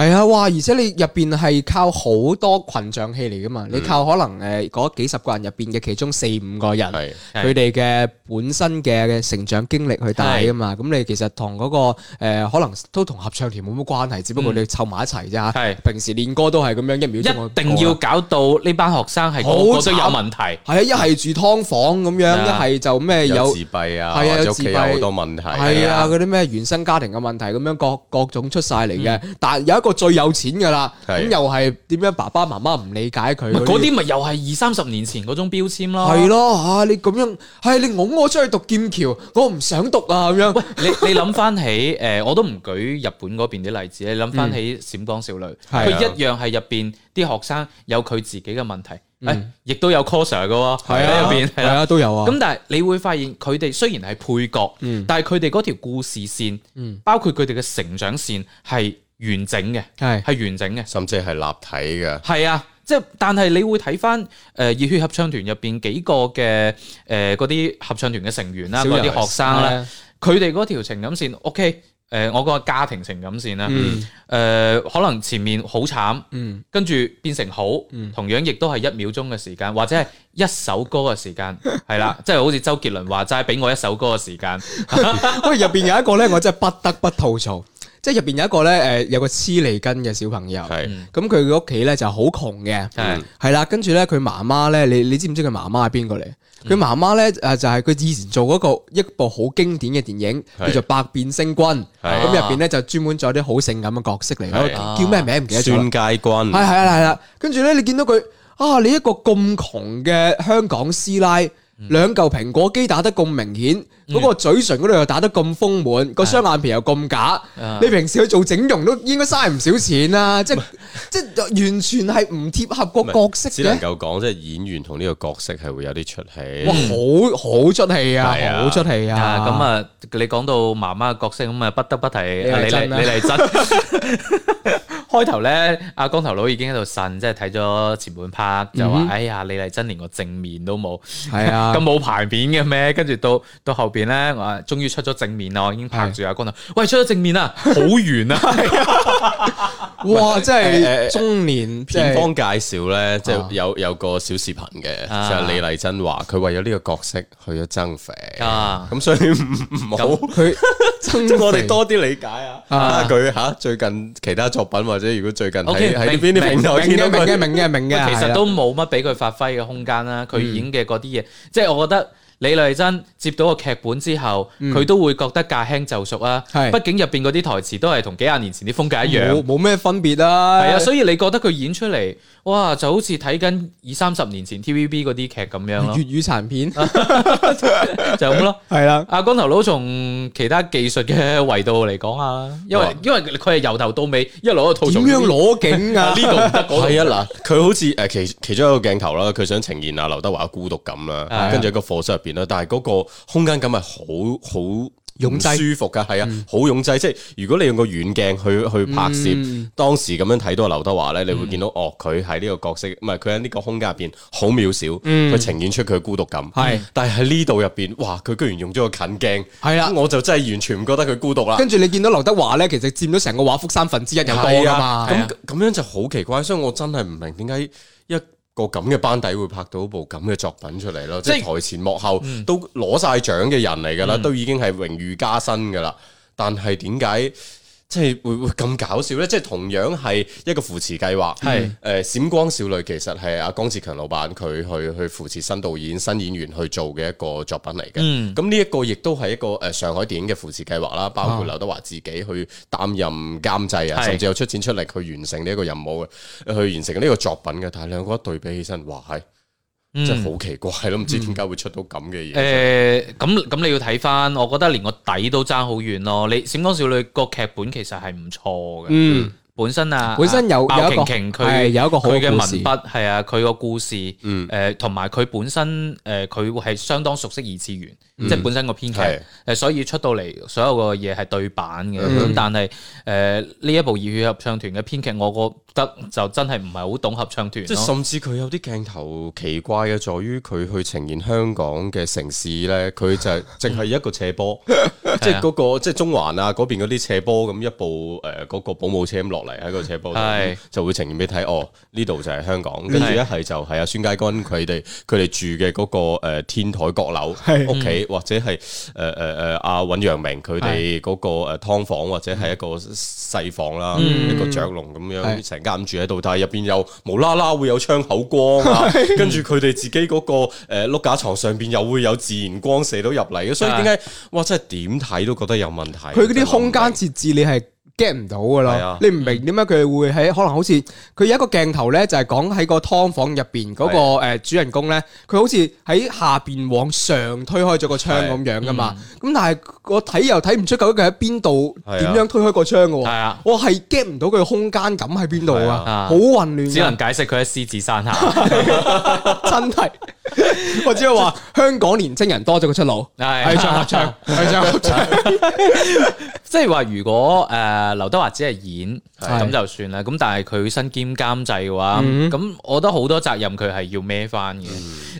係啊，哇！而且你入邊係靠好多群像戲嚟㗎嘛？嗯、你靠可能誒嗰幾十個人入邊嘅其中四五個人，佢哋嘅。本身嘅嘅成長經歷去帶噶嘛，咁你其實同嗰個誒可能都同合唱團冇乜關係，只不過你湊埋一齊啫。係平時練歌都係咁樣一秒鐘。一定要搞到呢班學生係好有問題。係啊，一係住劏房咁樣，一係就咩有自閉啊，係啊，有好多問題。係啊，嗰啲咩原生家庭嘅問題咁樣各各種出晒嚟嘅。但係有一個最有錢㗎啦，咁又係點樣？爸爸媽媽唔理解佢嗰啲，咪又係二三十年前嗰種標籤囉。係咯嚇，你咁樣係你我出去讀劍橋，我唔想讀啊咁樣。喂，你你諗翻起誒，我都唔舉日本嗰邊啲例子。你諗翻起《閃光少女》，佢一樣係入邊啲學生有佢自己嘅問題，誒，亦都有 coser 嘅喎，喺入邊，係啊，都有啊。咁但係你會發現，佢哋雖然係配角，嗯，但係佢哋嗰條故事線，嗯，包括佢哋嘅成長線係完整嘅，係係完整嘅，甚至係立體嘅，係啊。即係，但係你會睇翻誒熱血合唱團入邊幾個嘅誒嗰啲合唱團嘅成員啦，嗰啲學生咧，佢哋嗰條情感線，OK，誒、呃、我講個家庭情感線啦，誒、嗯呃、可能前面好慘，跟住、嗯、變成好，嗯、同樣亦都係一秒鐘嘅時間，或者係一首歌嘅時間，係啦， 即、就、係、是、好似周杰倫話齋，俾我一首歌嘅時間。喂，入邊有一個咧，我真係不得不吐槽。即係入邊有一個咧，誒，有個黐脷根嘅小朋友，咁佢嘅屋企咧就好窮嘅，係啦是，跟住咧佢媽媽咧，你你知唔知佢媽媽係邊個嚟？佢媽媽咧誒，就係佢以前做嗰個一部好經典嘅電影，是叫做《百變星君》，咁入邊咧就專門做啲好性感嘅角色嚟咯，啊、叫咩名唔記得咗？孫佳、啊、君，係係啦係啦，跟住咧你見到佢啊，你一個咁窮嘅香港師奶。兩嚿蘋果肌打得咁明顯，嗰個嘴唇嗰度又打得咁豐滿，個雙眼皮又咁假，你平時去做整容都應該嘥唔少錢啦！即係即係完全係唔貼合個角色。只能夠講，即係演員同呢個角色係會有啲出戲。哇，好好出戲啊，係啊，好出戲啊！咁啊，你講到媽媽嘅角色，咁啊不得不提李麗李麗珍。開頭咧，阿光頭佬已經喺度呻，即係睇咗前半 part 就話：哎呀，李麗珍連個正面都冇，係啊，咁冇牌面嘅咩？跟住到到後邊咧，啊，終於出咗正面啦，已經拍住阿光頭，喂，出咗正面啦，好圓啊！哇，真係中年片方介紹咧，即係有有個小視頻嘅，就係李麗珍話佢為咗呢個角色去咗增肥啊，咁所以唔唔好佢。我哋多啲理解啊！佢吓最近其他作品或者如果最近喺喺邊啲平台見到佢。明嘅明嘅明嘅，其實都冇乜俾佢發揮嘅空間啦。佢演嘅嗰啲嘢，嗯、即係我覺得。李麗珍接到個劇本之後，佢都會覺得駕輕就熟啊。係，畢竟入邊嗰啲台詞都係同幾廿年前啲風格一樣，冇咩分別啦。係啊，所以你覺得佢演出嚟，哇，就好似睇緊二三十年前 TVB 嗰啲劇咁樣咯。粵語殘片就咁咯。係啦，阿光頭佬從其他技術嘅維度嚟講啊，因為因為佢係由頭到尾一路都套場，點樣攞景啊？呢度唔得講。係啊嗱，佢好似誒其其中一個鏡頭啦，佢想呈現阿劉德華嘅孤獨感啦，跟住一個課室。但係嗰個空間感係好好擁擠舒服噶，係啊，好擁擠。即係如果你用個遠鏡去去拍攝，當時咁樣睇到劉德華呢，你會見到哦，佢喺呢個角色，唔係佢喺呢個空間入邊好渺小，佢呈現出佢嘅孤獨感。係，但係喺呢度入邊，哇，佢居然用咗個近鏡，係啦，我就真係完全唔覺得佢孤獨啦。跟住你見到劉德華呢，其實佔咗成個畫幅三分之一有多噶嘛，咁咁樣就好奇怪，所以我真係唔明點解一。個咁嘅班底會拍到部咁嘅作品出嚟咯，即係是台前幕後都攞晒獎嘅人嚟㗎啦，嗯、都已經係榮譽加身㗎啦。但係點解？即係會唔會咁搞笑呢？即係同樣係一個扶持計劃，係閃是、呃、光少女》其實係阿江志強老闆佢去去扶持新導演、新演員去做嘅一個作品嚟嘅。咁呢、嗯、一個亦都係一個誒上海電影嘅扶持計劃啦，包括劉德華自己去擔任監製啊，哦、甚至有出錢出力去完成呢一個任務嘅，是去完成呢個作品嘅。但係兩個對比起身，哇係！嗯、真係好奇怪咯，唔知點解會出到咁嘅嘢。誒、嗯，咁、欸、咁你要睇翻，我覺得連個底都爭好遠咯。你《閃光少女》個劇本其實係唔錯嘅。嗯。本身啊，本身有有一佢係有一個好嘅文筆係啊，佢個故事，嗯，誒同埋佢本身誒佢係相當熟悉二次元，即係本身個編劇，誒所以出到嚟所有個嘢係對版嘅。咁但係誒呢一部熱血合唱團嘅編劇我覺得就真係唔係好懂合唱團，即係甚至佢有啲鏡頭奇怪嘅，在於佢去呈現香港嘅城市咧，佢就淨係一個斜坡，即係嗰個即係中環啊邊嗰啲斜坡咁，一部誒嗰個保姆車咁落。嚟喺個車度是就會呈現俾睇哦。呢度就係香港，跟是住一係就係阿孫佳君佢哋佢哋住嘅嗰個誒天台閣樓屋企，或者係誒誒誒阿尹揚明佢哋嗰個誒劏房，或者係一個細房啦，是一個雀籠咁樣成家住喺度，但係入邊又無啦啦會有窗口光，跟住佢哋自己嗰、嗰個誒碌、呃、架床上邊又會有自然光射到入嚟嘅，所以點解是哇真係點睇都覺得有問題？佢嗰啲空間設置你係。get 唔到噶咯，你唔明點解佢哋會喺可能好似佢有一個鏡頭咧，就係講喺個劏房入邊嗰個誒主人公咧，佢好似喺下邊往上推開咗個窗咁樣噶嘛，咁但係我睇又睇唔出究竟佢喺邊度，點樣推開個窗噶喎，我係 get 唔到佢嘅空間感喺邊度啊，好混亂。只能解釋佢喺獅子山下，真係我只係話香港年青人多咗個出路，係合唱，係合唱，即係話如果誒。誒，劉德華只係演。咁就算啦，咁但係佢身兼監製嘅話，咁我覺得好多責任，佢係要孭翻嘅。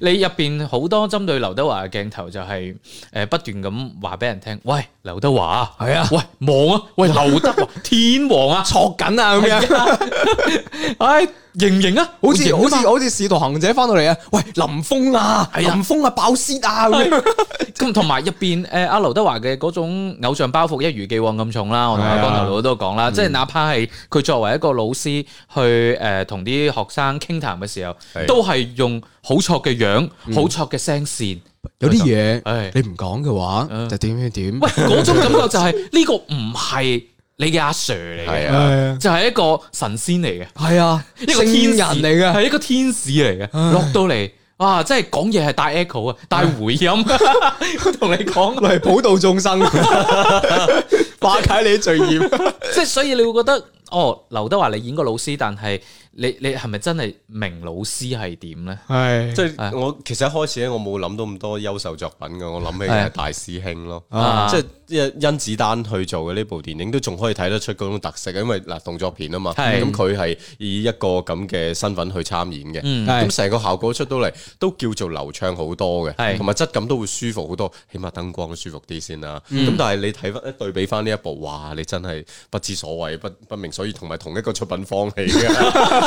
你入邊好多針對劉德華嘅鏡頭，就係誒不斷咁話俾人聽，喂劉德華啊，係啊，喂王啊，喂劉德華天王啊，坐緊啊咁樣，唉盈盈啊，好似好似好似使徒行者翻到嚟啊，喂林峰啊，係林峰啊爆閃啊咁，同埋入邊誒阿劉德華嘅嗰種偶像包袱一如既往咁重啦，我同阿光頭佬都講啦，即係哪怕係。佢作為一個老師去誒同啲學生傾談嘅時候，都係用好挫嘅樣、好挫嘅聲線，有啲嘢你唔講嘅話就點點點。喂，嗰種感覺就係呢個唔係你嘅阿 Sir 嚟嘅。係啊，就係一個神仙嚟嘅。係啊，一個天人嚟嘅，係一個天使嚟嘅，落到嚟。啊，即係講嘢係帶 echo 啊，帶回音。我同 你講，係 普度眾生，化解你罪孽。即係所以你會覺得，哦，劉德華你演個老師，但係。你你係咪真係明老師係點呢？即係我其實一開始咧，我冇諗到咁多優秀作品㗎。我諗起係大師兄咯，即係甄子丹去做嘅呢部電影，都仲可以睇得出嗰種特色。因為嗱動作片啊嘛，咁佢係以一個咁嘅身份去參演嘅，咁成個效果出到嚟都叫做流暢好多嘅，同埋質感都會舒服好多。起碼燈光都舒服啲先啦。咁但係你睇翻一對比翻呢一部，哇！你真係不知所謂，不不明所以，同埋同一個出品方嚟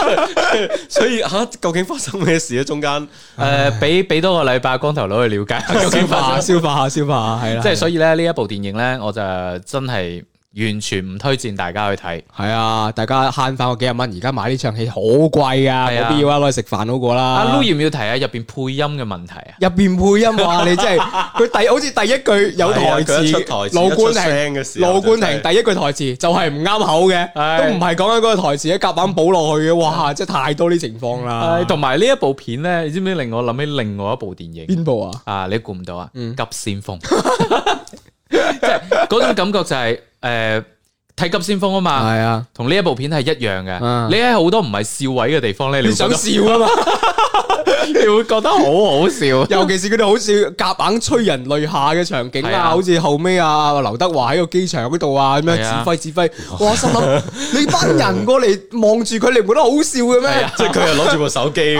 所以吓、啊，究竟發生咩事咧、啊？中間誒，俾俾、呃、多個禮拜，光頭佬去了解， 消化 消化下，消化下係啦。即係所以咧，呢 一部電影咧，我就真係。完全唔推薦大家去睇，係啊，大家慳翻個幾廿蚊，而家買呢場戲好貴啊，冇、啊、必要啊，攞去食飯好過、啊、啦。阿 Lu 要唔要提下入邊配音嘅問題啊？入邊配音哇、就是，你真係佢第好似第一句有台詞，盧冠廷，盧冠廷第一句台詞就係唔啱口嘅，啊、都唔係講緊嗰個台詞，夾板補落去嘅，哇，真係太多呢情況啦。同埋呢一部片咧，你知唔知令我諗起另外一部電影？邊部啊？啊，你估唔到啊？急先鋒。 即係嗰種感覺就係誒，睇急先鋒啊嘛，係啊，同呢一部片係一樣嘅。 你喺好多唔係笑位嘅地方咧，你想笑啊嘛，你會覺得好 好笑。 尤其是佢哋好似夾硬催人淚下嘅場景 啊，好似後尾啊劉德華喺個機場嗰度啊咁樣指揮指揮，我心諗你班人過嚟望住佢，你唔覺得好笑嘅咩？即係佢係攞住部手機。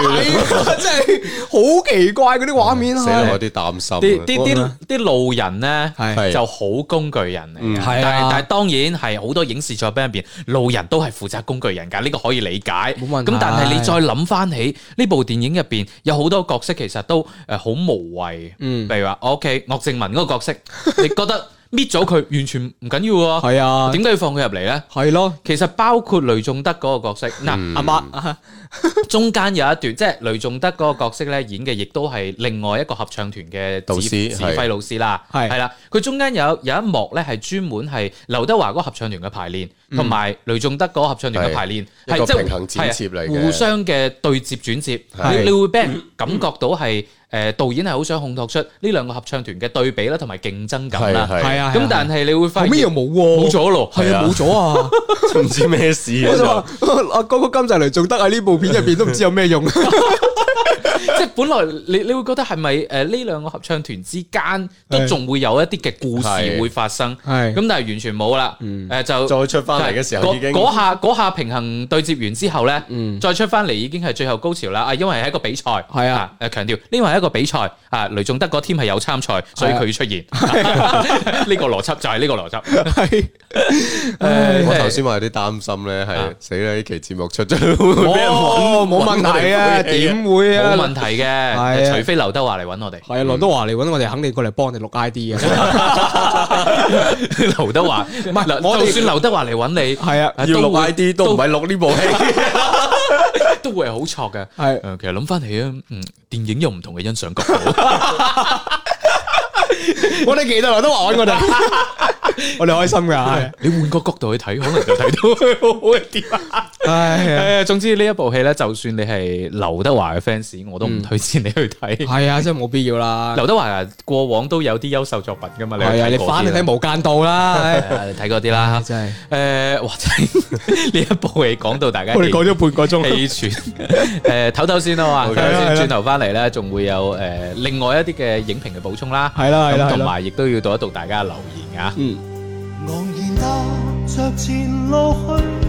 好 奇怪嗰啲畫面，死我啲擔心，啲啲啲路人咧，係是就好工具人嚟，係啊。但係當然係好多影視作品入邊，路人都係負責工具人噶，呢個可以理解。冇問題。咁但係你再諗翻起呢部電影入邊，有好多角色其實都誒好無謂，嗯，例如話我屋企岳靜文嗰個角色，你覺得？ 搣咗佢完全唔緊要喎，係啊，點解要放佢入嚟呢？係咯，其實包括雷頌德嗰個角色，嗱阿媽，中間有一段即係雷頌德嗰個角色咧演嘅，亦都係另外一個合唱團嘅導師指揮老師啦，係係啦，佢中間有有一幕咧係專門係劉德華嗰合唱團嘅排練，同埋雷頌德嗰個合唱團嘅排練，係即係平行剪接嚟，互相嘅對接轉接，你你會俾人感覺到係。誒導演係好想烘托出呢兩個合唱團嘅對比啦，同埋競爭感啦。係啊，咁但係你會發現咩又冇喎？冇咗咯，係啊，冇咗啊，唔知咩事啊，我就話阿哥哥金就嚟仲得啊，呢部片入邊都唔知有咩用。即係本來你你會覺得係咪誒呢兩個合唱團之間都仲會有一啲嘅故事會發生？咁，但係完全冇啦。誒就再出翻嚟嘅時候已經嗰下嗰下平衡對接完之後咧，再出翻嚟已經係最後高潮啦。啊，因為係一個比賽係啊，誒強調，因為一個比賽啊，雷仲德個 team 係有參賽，所以佢出現。呢個邏輯就係呢個邏輯。係誒，我頭先話有啲擔心咧，係死啦！呢期節目出咗，冇問題啊，點會啊？冇問題嘅，除非劉德華嚟揾我哋。係劉德華嚟揾我哋，肯定過嚟幫你錄 I D 嘅。劉德華唔係，我就算劉德華嚟揾你，係啊，要錄 I D 都唔係錄呢部戲。都會係好錯嘅，係誒是，其實諗翻起啊，嗯，電影有唔同嘅欣賞角度，我哋 記得啦，我都玩我哋， 我哋開心噶，你換個角度去睇，可能就睇到好好一啲。唉，總之呢一部戲咧，就算你係劉德華嘅 fans，我都唔推薦你去睇。係啊，真係冇必要啦。劉德華啊過往都有啲優秀作品噶嘛。係啊，你翻去睇《無間道》啦，睇過啲啦。真係，誒，哇！呢一部戲講到大家，我哋講咗半個鐘氣喘。誒，唞唞先啦嘛，咁先轉頭翻嚟咧，仲會有誒另外一啲嘅影評嘅補充啦。係啦係啦，同埋亦都要讀一讀大家嘅留言啊。昂然踏着前路去。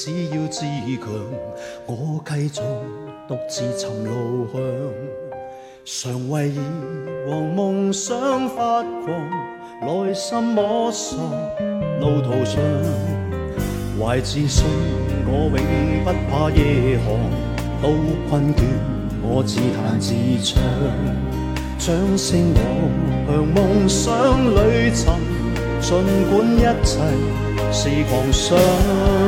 只要自強，我繼續獨自尋路向。常為以往夢想發狂，內心摸索。路途上懷自信，我永不怕夜航，都困倦，我自彈自唱。掌聲我向夢想裏尋，儘管一切是狂想。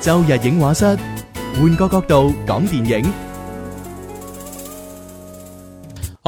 周日影畫室，換個角度講電影。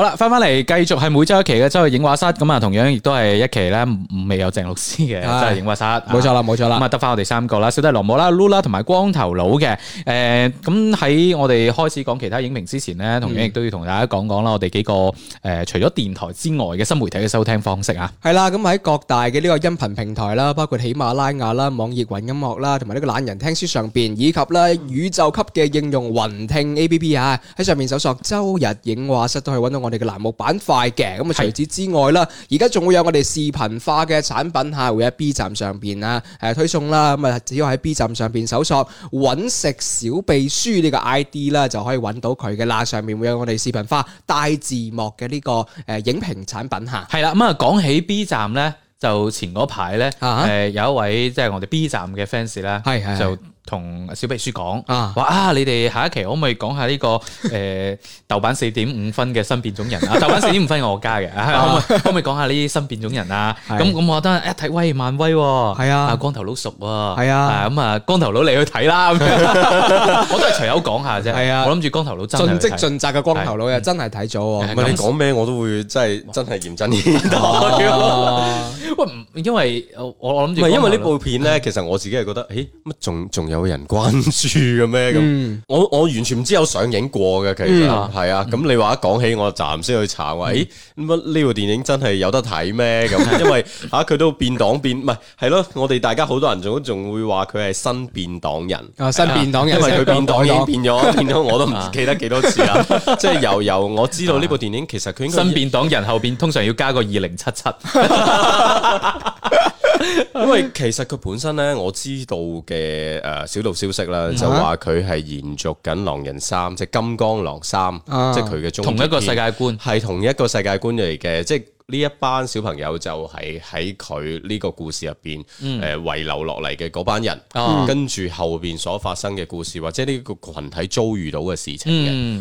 好啦，翻翻嚟，繼續係每周一期嘅周日影畫室，咁啊，同樣亦都係一期咧，未有鄭律師嘅，就係唉 周日影畫室，冇錯啦，冇錯啦，咁啊，得翻我哋三個啦，小弟羅姆啦、Lulu 啦，同埋光頭佬嘅，誒、呃，咁、嗯、喺我哋開始講其他影評之前咧，同樣亦都要同大家講講啦，我哋幾個誒、呃、除咗電台之外嘅新媒體嘅收聽方式啊，係啦，咁喺各大嘅呢個音頻平台啦，包括喜馬拉雅啦、網易雲音樂啦，同埋呢個懶人聽書上邊以及咧宇宙級嘅應用雲聽 A P P 啊，喺上面搜索周日影畫室，都可以揾到我。我哋嘅欄目板塊嘅，咁、嗯、啊，除此之外啦，而家仲會有我哋視頻化嘅產品吓，會喺 B 站上邊啊，誒、呃、推送啦，咁啊，只要喺 B 站上邊搜索揾食小秘書呢、呢個 I D 啦，就可以揾到佢嘅啦，上面會有我哋視頻化帶字幕嘅呢、呢個誒、呃、影評產品吓。係啦，咁啊講起 B 站呢，就前嗰排呢，誒、uh huh? 呃、有一位即係、就是、我哋 B 站嘅 fans 咧，係係的。就同小秘書講，話啊，你哋下一期可唔可以講下呢個誒豆瓣四點五分嘅新變種人啊？豆瓣四點五分我加嘅，可唔可以講下呢啲新變種人啊？咁咁我覺得一睇喂漫威，係啊，光頭佬熟，係啊，咁啊，光頭佬你去睇啦，我都係隨口講下啫。係啊，我諗住光頭佬盡職盡責嘅光頭佬又真係睇咗。唔係你講咩，我都會真係真係認真啲。喂，因為我我諗住，因為呢部片咧，其實我自己係覺得，誒乜仲仲有。有人關注嘅咩？咁、嗯、我我完全唔知有上映過嘅，其實係啊。咁、嗯、你話一講起我，我就暫先去查。喂，乜呢咦部電影真係有得睇咩？咁 因為吓佢、啊、都變黨變，唔係係咯。我哋大家好多人仲仲會話佢係新變黨人啊，新變黨人，因為佢變黨已經變咗， 變咗我都唔記得幾多次啦。即、就、係、是、由由我知道呢部電影，其實佢應該新變黨人後邊通常要加個二零七七。 因為其實佢本身咧，我知道嘅誒，小道消息啦，就話佢係延續緊《狼人三》、啊，即，即係《金剛狼三》，即係佢嘅中同一個世界觀，係同一個世界觀嚟嘅。即係呢一班小朋友就係喺佢呢個故事入邊誒遺留落嚟嘅嗰班人，啊、跟住後邊所發生嘅故事，或者呢個群體遭遇到嘅事情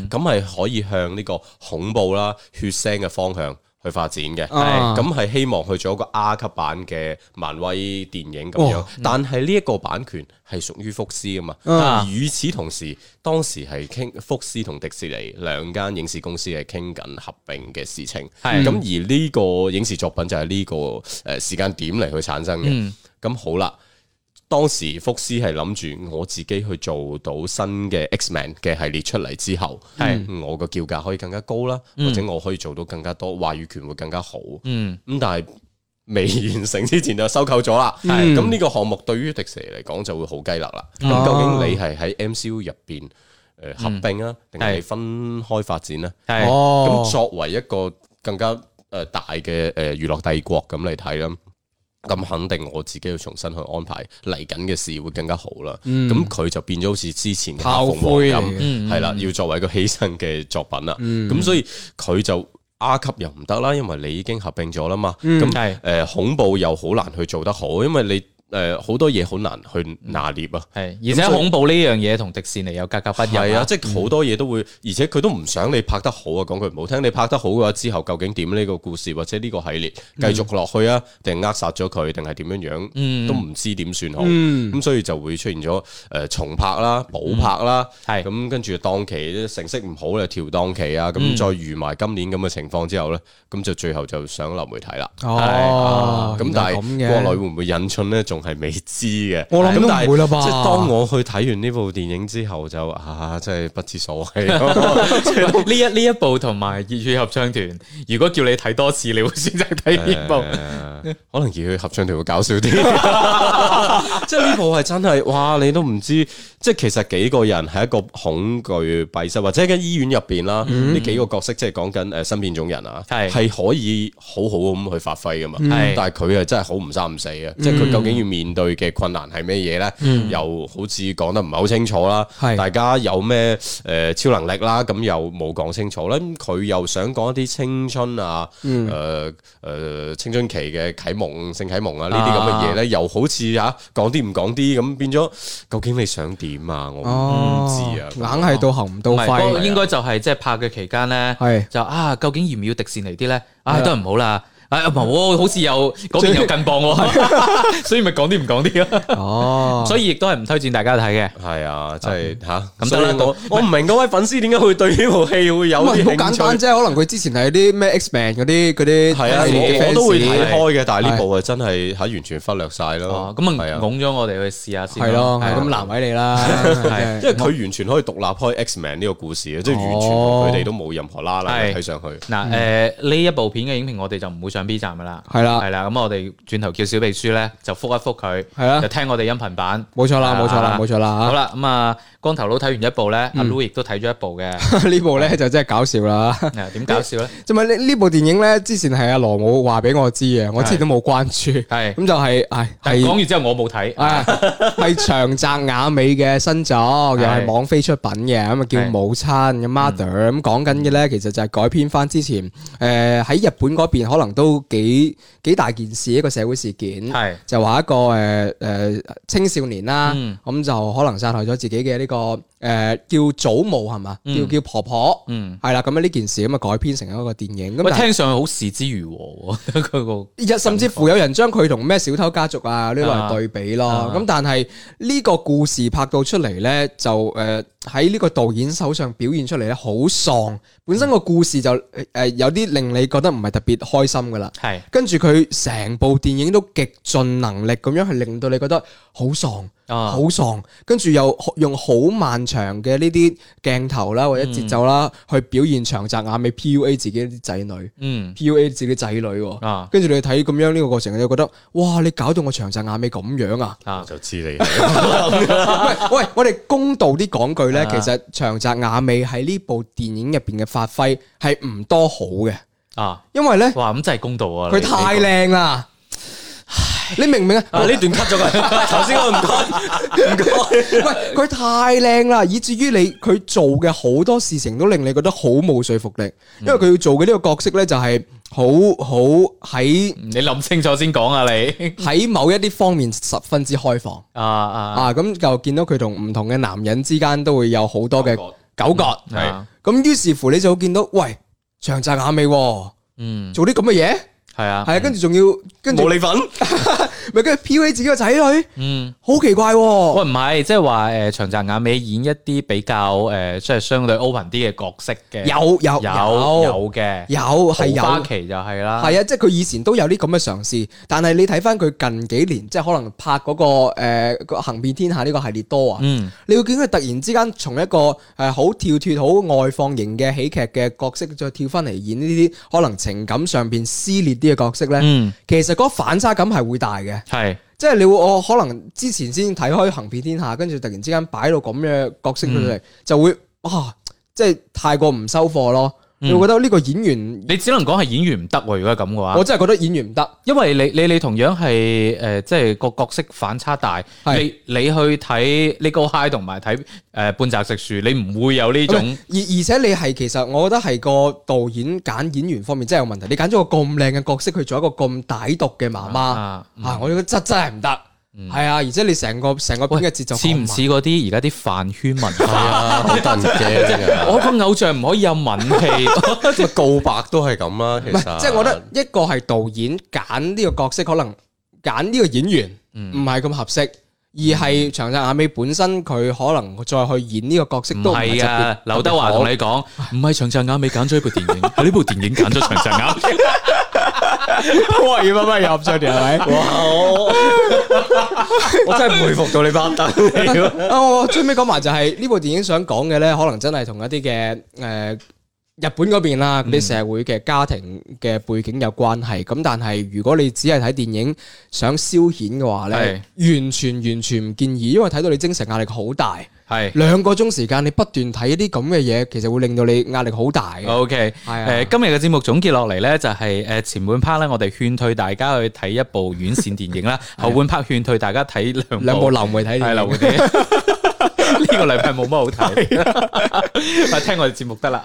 嘅，咁係、嗯嗯、可以向呢個恐怖啦、血腥嘅方向。去發展嘅，咁係、啊、希望去做一個 R 級版嘅漫威電影咁樣，哦嗯、但係呢一個版權係屬於福斯啊嘛。啊但與此同時，當時係傾福斯同迪士尼兩間影視公司係傾緊合併嘅事情，咁、嗯、而呢個影視作品就係呢個誒時間點嚟去產生嘅。咁、嗯、好啦。當時福斯係諗住我自己去做到新嘅 X-Men 嘅系列出嚟之後，係是、嗯、我個叫價可以更加高啦，嗯、或者我可以做到更加多話語權會更加好。嗯，咁但係未完成之前就收購咗啦。係咁呢個項目對於迪士尼嚟講就會好雞肋啦。咁、哦、究竟你係喺 MCU 入邊誒合併啊，定係、嗯、分開發展呢？係咁是、哦、作為一個更加誒大嘅誒娛樂帝國咁嚟睇啦。咁肯定我自己要重新去安排嚟緊嘅事會更加好啦。咁佢、嗯、就變咗好似之前炮咁，係啦，要作為一個犧牲嘅作品啦。咁、嗯、所以佢就 R 級又唔得啦，因為你已經合併咗啦嘛。咁但係誒，恐怖又好難去做得好，因為你。誒好、呃、多嘢好難去拿捏啊，係，而且恐怖呢樣嘢同迪士尼有格格不入啊，即係好多嘢都會，而且佢都唔想你拍得好啊，講句唔好聽，你拍得好嘅話之後究竟點呢、呢個故事或者呢個系列繼續落去啊，定扼、嗯、殺咗佢，定係點樣樣都唔知點算好，咁、嗯、所以就會出現咗誒重拍啦、補拍啦，咁、嗯、跟住檔期成績唔好咧，調檔期啊，咁再預埋今年咁嘅情況之後咧，咁就最後就上流媒體啦，咁、哦哎啊、但係國內會唔會引進呢？係未知嘅，我諗都唔會啦吧。即係當我去睇完呢部電影之後，就啊，真係不知所謂。呢一呢一部同埋《熱血合唱團》，如果叫你睇多次，你會選擇睇邊部？可能《熱血合唱團》會搞笑啲。即係呢部係真係，哇！你都唔知，即係其實幾個人係一個恐懼閉塞，或者喺間醫院入邊啦，呢幾個角色即係講緊誒新變種人啊，係係可以好好咁去發揮噶嘛。但係佢啊真係好唔三唔四嘅，即係佢究竟要。面對嘅困難係咩嘢咧？又好似講得唔係好清楚啦。大家有咩誒超能力啦？咁又冇講清楚啦。佢又想講一啲青春啊、誒誒青春期嘅啟蒙、性啟蒙啊呢啲咁嘅嘢咧，又好似嚇講啲唔講啲咁，變咗究竟你想點啊？我唔知啊，硬係到行唔到快。應該就係即係拍嘅期間咧，就啊，究竟要唔要迪士尼啲咧？啊，都唔好啦。誒，好似有嗰邊有更棒，所以咪講啲唔講啲咯。哦，所以亦都係唔推薦大家睇嘅。係啊，即係吓咁得啦。我唔明嗰位粉絲點解會對呢部戲會有咁啊？好簡單，即係可能佢之前係啲咩 Xman 嗰啲嗰啲係啊，我都會睇開嘅。但係呢部係真係吓完全忽略晒咯。咁啊，拱咗我哋去試下先。係咯，咁難為你啦。係，因為佢完全可以獨立開 Xman 呢個故事，即係完全佢哋都冇任何啦。拉睇上去。嗱，誒呢一部片嘅影評我哋就唔會上 B 站噶啦，係啦的，係啦，咁我哋轉頭叫小秘書咧，就覆一覆佢，係啊的，就聽我哋音頻版，冇錯啦，冇的錯啦，冇錯啦，吓好啦的，咁啊。光頭佬睇完一部咧，阿 Lu 亦都睇咗一部嘅，呢部咧就真係搞笑啦。點搞笑咧？就係咪呢？呢部電影咧之前係阿羅武話俾我知嘅，我之前都冇關注。係咁就係係講完之後我冇睇。係長澤雅美嘅新作，又係網飛出品嘅，咁啊叫母親嘅 mother。咁講緊嘅咧，其實就係改編翻之前誒喺日本嗰邊可能都幾幾大件事一個社會事件，係就話一個誒誒青少年啦，咁就可能殺害咗自己嘅呢。個誒、呃、叫祖母係嘛，叫、嗯、叫婆婆，嗯係啦，咁樣呢件事咁啊改編成一個電影，咁、嗯、是聽上去好事之餘佢個甚至乎有人將佢同咩小偷家族啊呢類對比咯，咁、嗯嗯、但係呢、這個故事拍到出嚟咧，就誒喺呢個導演手上表現出嚟咧好喪，嗯、本身個故事就誒、呃、有啲的令你覺得唔係特別開心噶啦，係跟住佢成部電影都極盡能力咁樣去令到你覺得好喪。好喪，跟住又用好漫長嘅呢啲鏡頭啦，或者節奏啦，去表現長澤雅美 P U A 自己啲仔女。嗯，P U A 自己仔女喎。啊，跟住你睇咁樣呢個過程，你就覺得哇，你搞到我長澤雅美咁樣啊？啊，我就知你。 喂，我哋公道啲講句咧， 其實長澤雅美喺呢部電影入邊嘅發揮係唔多好嘅。啊，因為咧，哇，咁真係公道啊，佢太靚啦。你明唔明啊？呢段 cut 咗佢！頭先我唔講，唔講。喂，佢太靚啦，以至於你佢做嘅好多事情都令你覺得好冇說服力，因為佢要做嘅呢個角色呢，就係好好喺。你諗清楚先講啊！你喺某一啲方面十分之開放啊，啊，咁、啊、就見到佢同唔同嘅男人之間都會有好多嘅糾葛，係咁於是乎你就會見到喂長澤雅美嗯，做啲咁嘅嘢。係啊，係啊、嗯，跟住仲要跟住。冇你份。 咪佢飄起自己個仔女，嗯，好奇怪、哦。喂，唔係，即係話誒，長澤雅美演一啲比較誒，即、呃、係相對 open 啲嘅角色嘅，有有有有嘅，有係有，花期就係啦，係啊，即係佢以前都有啲咁嘅嘗試，但係你睇翻佢近幾年，即係可能拍嗰、那個誒個、呃、行遍天下呢個系列多啊，嗯，你會見佢突然之間從一個誒好跳脫、好外放型嘅喜劇嘅角色，再跳翻嚟演呢啲可能情感上邊撕裂啲嘅角色咧，嗯，其實嗰反差感係會大嘅。係，是即係你我可能之前先睇開行遍天下，跟住突然之間擺到咁嘅角色出嚟，嗯、就會啊，即係太過唔收貨咯。你會覺得呢個演員，嗯、你只能講係演員唔得喎。如果係咁嘅話，我真係覺得演員唔得，因為你你你同樣係誒、呃，即係個角色反差大。是你你去睇呢個 high 同埋睇誒半澤直樹，你唔、呃、會有呢種。而、okay，而且你係其實我覺得係個導演揀演員方面真係有問題。你揀咗個咁靚嘅角色，去做一個咁歹毒嘅媽媽啊！我呢個真係唔得。係啊，而且你成個成個片嘅節奏似唔似嗰啲而家啲飯圈文化啊？嗯，好得嘅。我個偶像唔可以有吻戲，咪 告白都係咁啦。其實即係我覺得一個係導演揀呢個角色，可能揀呢個演員唔係咁合適。嗯而係長澤雅美本身佢可能再去演呢個角色都，都係啊！劉德華同你講，唔係長澤雅美揀咗一部電影，係呢 部電影揀咗長澤雅。 哇！要乜乜又出嚟係咪？ 哇！我我，我， 我真係佩服到你巴登。我最尾講埋就係呢部電影想講嘅咧，可能真係同一啲嘅誒。呃呃日本嗰邊啦，啲社會嘅家庭嘅背景有關係。咁但係如果你只係睇電影想消遣嘅話呢是的 完全完全唔建議，因為睇到你精神壓力好大。係兩是的 個鐘時間，你不斷睇啲咁嘅嘢，其實會令到你壓力好大。O K，係。是的 今日嘅節目總結落嚟呢，就係誒前半 part 呢我哋勸退大家去睇一部院線電影啦； 是的 後半 part 勸退大家睇兩兩部流媒體睇 呢 個禮拜冇乜好睇，但 聽我哋節目得啦。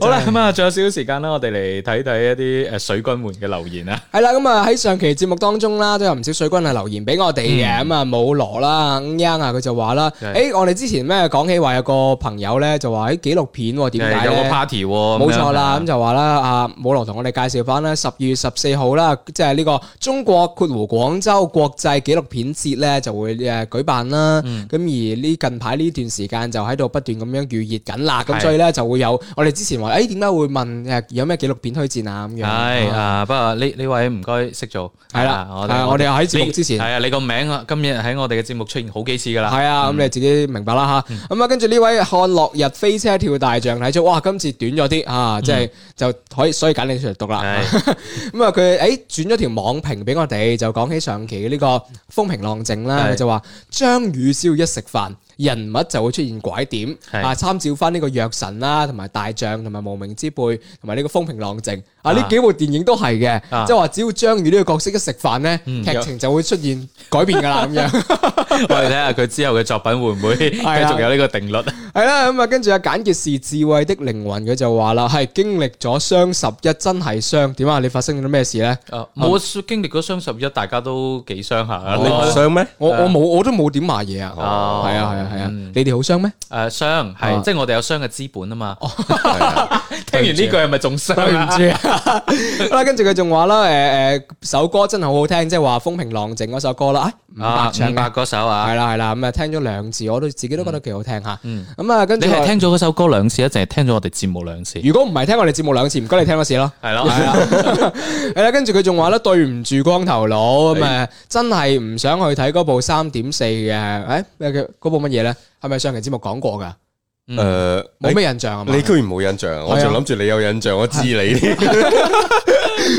好啦，咁啊，仲有少少時間啦，我哋嚟睇睇一啲誒水軍們嘅留言啦。係啦，咁啊喺上期節目當中啦，都有唔少水軍係留言俾我哋嘅。咁啊、嗯，冇羅啦，咁啱啊，佢、嗯嗯、就話啦，誒是、欸，我哋之前咩講起話有個朋友咧，就話喺紀錄片點解有個 party？冇錯啦，咁、啊、就話啦，阿冇羅同我哋介紹翻咧，十二月十四號啦，即係呢個中國括弧廣州國際紀錄片節咧，就會誒舉辦啦。咁、嗯、而呢近排呢段時間就喺度不斷咁樣預熱緊啦，咁所以咧就會有我哋之前話誒，點解會問誒有咩紀錄片推薦啊咁樣？係啊，不過呢呢位唔該識做，係啦，我哋又喺節目之前，係啊，你個名啊，今日喺我哋嘅節目出現好幾次噶啦，係啊，咁你自己明白啦吓。咁啊，跟住呢位看落日飛車跳大象，睇住哇，今次短咗啲啊，即係就可以，所以揀你出嚟讀啦。咁啊，佢誒轉咗條網評俾我哋，就講起上期嘅呢個風平浪靜啦，就話張雨瀟一食飯。人物就會出現拐點，的啊，參照翻呢個藥神啦，同埋大將，同埋無名之輩，同埋呢個風平浪靜。呢幾部電影都係嘅，即係話只要章魚呢個角色一食飯咧，劇情就會出現改變噶啦咁樣。我哋睇下佢之後嘅作品會唔會繼續有呢個定律啊？係啦，咁啊，跟住啊，簡潔是智慧的靈魂，佢就話啦：，係經歷咗雙十一真係傷，點啊？你發生咗咩事咧？冇我經歷咗雙十一，大家都幾傷下，你唔傷咩？我我冇，我都冇點買嘢啊！啊，係啊，係啊，係啊！你哋好傷咩？誒，傷係，即係我哋有傷嘅資本啊嘛！聽完呢句係咪仲傷？唔知。啦， 跟住佢仲話啦，誒誒，首歌真係好好聽，即係話風平浪靜嗰首歌啦，哎、啊，唱白嗰首啊，係啦係啦，咁啊、嗯、聽咗兩次，我都自己都覺得幾好聽吓，咁啊、嗯嗯嗯、跟住你係聽咗嗰首歌兩次，定係聽咗我哋節目兩次？如果唔係聽我哋節目兩次，唔該你聽一次咯，係咯，係啦咯，係啦， 跟住佢仲話咧，對唔住光頭佬咁啊，的真係唔想去睇嗰部三點四嘅，誒咩嘅嗰部乜嘢咧？係咪上期節目講過噶？誒，冇咩印象？你居然冇印象？我仲諗住你有印象，我知你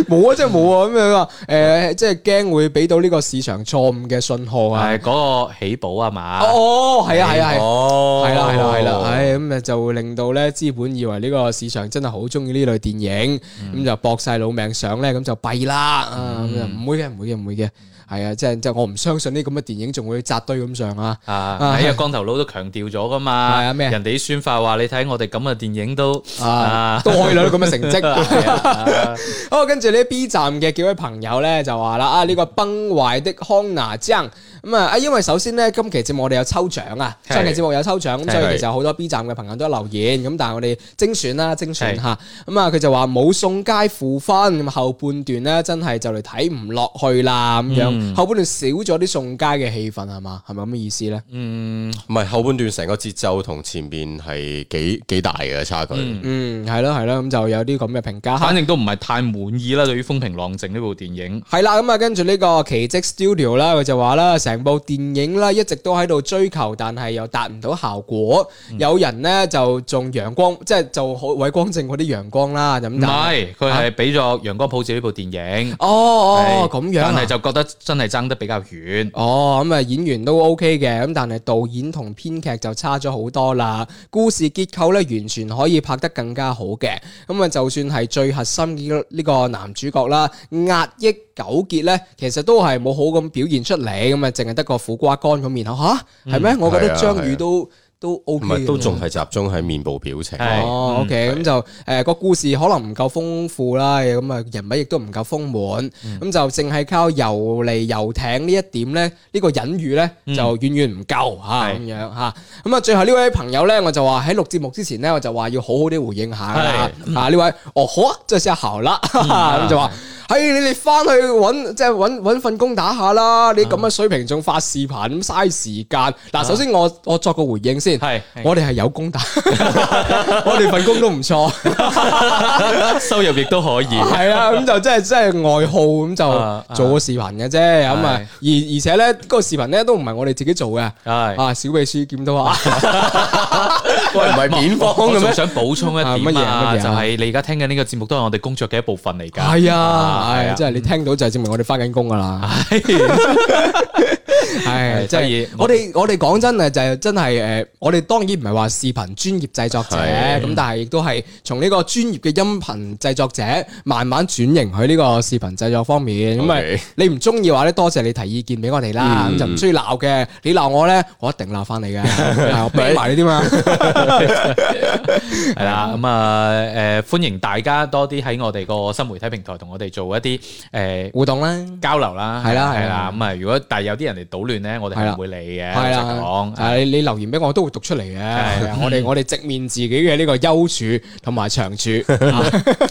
冇啊！真係冇啊！咁樣誒，即係驚會俾到呢個市場錯誤嘅信號啊！嗰個起保啊嘛？哦，係啊，係啊，係啦，係啦，係啦！唉，咁啊就會令到咧，資本以為呢個市場真係好中意呢類電影，咁就搏晒老命上咧，咁就弊啦！啊，咁就唔會嘅，唔會嘅，唔會嘅。係啊，即係即係，我唔相信呢咁嘅電影仲會扎堆咁上啊！啊，係啊，光頭佬都強調咗噶嘛，咩、啊？人哋宣發話，你睇我哋咁嘅電影都啊，都可以攞到咁嘅成績。好，跟住呢 B 站嘅幾位朋友咧就話啦，啊呢、呢個崩壞的康納將。咁啊，因為首先咧，今期節目我哋有抽獎啊，是上期節目有抽獎，咁所以其實好多 B 站嘅朋友都留言，咁但係我哋精選啦，精選吓，咁啊佢就話冇宋佳負分，咁後半段咧真係就嚟睇唔落去啦，咁樣後半段少咗啲宋佳嘅戲份係嘛，係咪咁咩意思咧？嗯，唔係後半段成個節奏同前面係幾幾大嘅差距，嗯，係咯係咯，咁就有啲咁嘅評價，反正都唔係太滿意啦，對於風平浪靜呢部電影，係啦，咁、嗯、啊跟住呢個奇跡 Studio 啦，佢就話啦。成部電影啦，一直都喺度追求，但係又達唔到效果。嗯、有人呢就仲陽光，即係就好、是、偉光正嗰啲陽光啦。咁唔係，佢係畀咗陽光普照呢部電影。哦，哦，哦，咁是樣、啊，但係就覺得真係爭得比較遠。哦，咁、嗯、啊，演員都 OK 嘅，咁但係導演同編劇就差咗好多啦。故事結構咧，完全可以拍得更加好嘅。咁啊，就算係最核心嘅呢個男主角啦，壓抑。糾結咧，其實都係冇好咁表現出嚟，咁啊，淨係得個苦瓜乾咁面口嚇，係咩？我覺得章宇都都 OK，都仲係集中喺面部表情。哦，OK，咁就誒個故事可能唔夠豐富啦，咁啊，人物亦都唔夠豐滿，咁就淨係靠游離遊艇呢一點咧，呢個隱喻咧就遠遠唔夠嚇咁樣吓？咁啊，最後呢位朋友咧，我就話喺錄節目之前咧，我就話要好好啲回應下啦。啊，呢位哦呵，這下好了，就話。係你哋翻去揾，即係揾揾份工打下啦。你咁嘅水平仲發視頻，咁嘥時間。嗱，首先我、啊、我作個回應先。係，我哋係有工打， 我哋份工都唔錯， 收入亦都可以。係 啊，咁就真係真係愛好，咁就做個視頻嘅啫。咁啊，而是而且咧，嗰個視頻咧都唔係我哋自己做嘅。係是啊，小秘書檢到啊。 喂，我唔係免費，咁想補充一點啊，啊啊就係你而家聽緊呢個節目都係我哋工作嘅一部分嚟㗎。係啊，係啊，即係你聽到就係證明我哋返緊工㗎啦。 係，真係，我哋我哋講真啊，就係真係誒，我哋當然唔係話視頻專業製作者，咁但係亦都係從呢個專業嘅音頻製作者慢慢轉型去呢個視頻製作方面。咁啊，你唔中意嘅話咧，多謝你提意見俾我哋啦，咁就唔需要鬧嘅。你鬧我咧，我一定鬧翻你噶，俾埋你添嘛。係啦，咁啊，誒，歡迎大家多啲喺我哋個新媒體平台同我哋做一啲誒互動啦、交流啦，係啦，係啦。咁啊，如果但係有啲人嚟搞亂咧，我哋係唔會理嘅，了就講、是，係你留言俾我，我都會讀出嚟嘅。的我哋我哋直面自己嘅呢個優處同埋長處。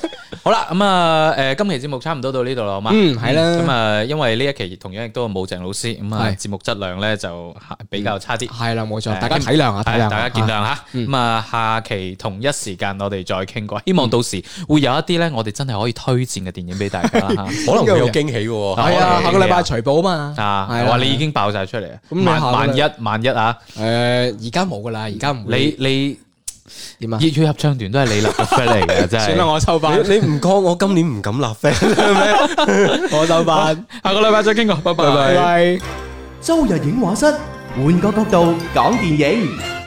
好啦，咁啊，誒，今期節目差唔多到呢度啦，好嘛？嗯，係啦。咁啊，因為呢一期同樣亦都冇鄭老師，咁啊，節目質量咧就比較差啲。係啦，冇錯，大家體諒下，體諒，大家見諒吓。咁啊，下期同一時間我哋再傾過。希望到時會有一啲咧，我哋真係可以推薦嘅電影俾大家。可能會有驚喜喎。係啊，下個禮拜除暴啊嘛。啊，話你已經爆晒出嚟啊！萬萬一萬一啊！誒，而家冇噶啦，而家唔會。你你。點啊！熱血合唱團都係你立個 flag 嚟嘅，真係。算啦，我收班。你唔講，我今年唔敢立 flag。我收班。下個禮拜再傾過！拜拜拜拜。周日影畫室，換個角度講電影。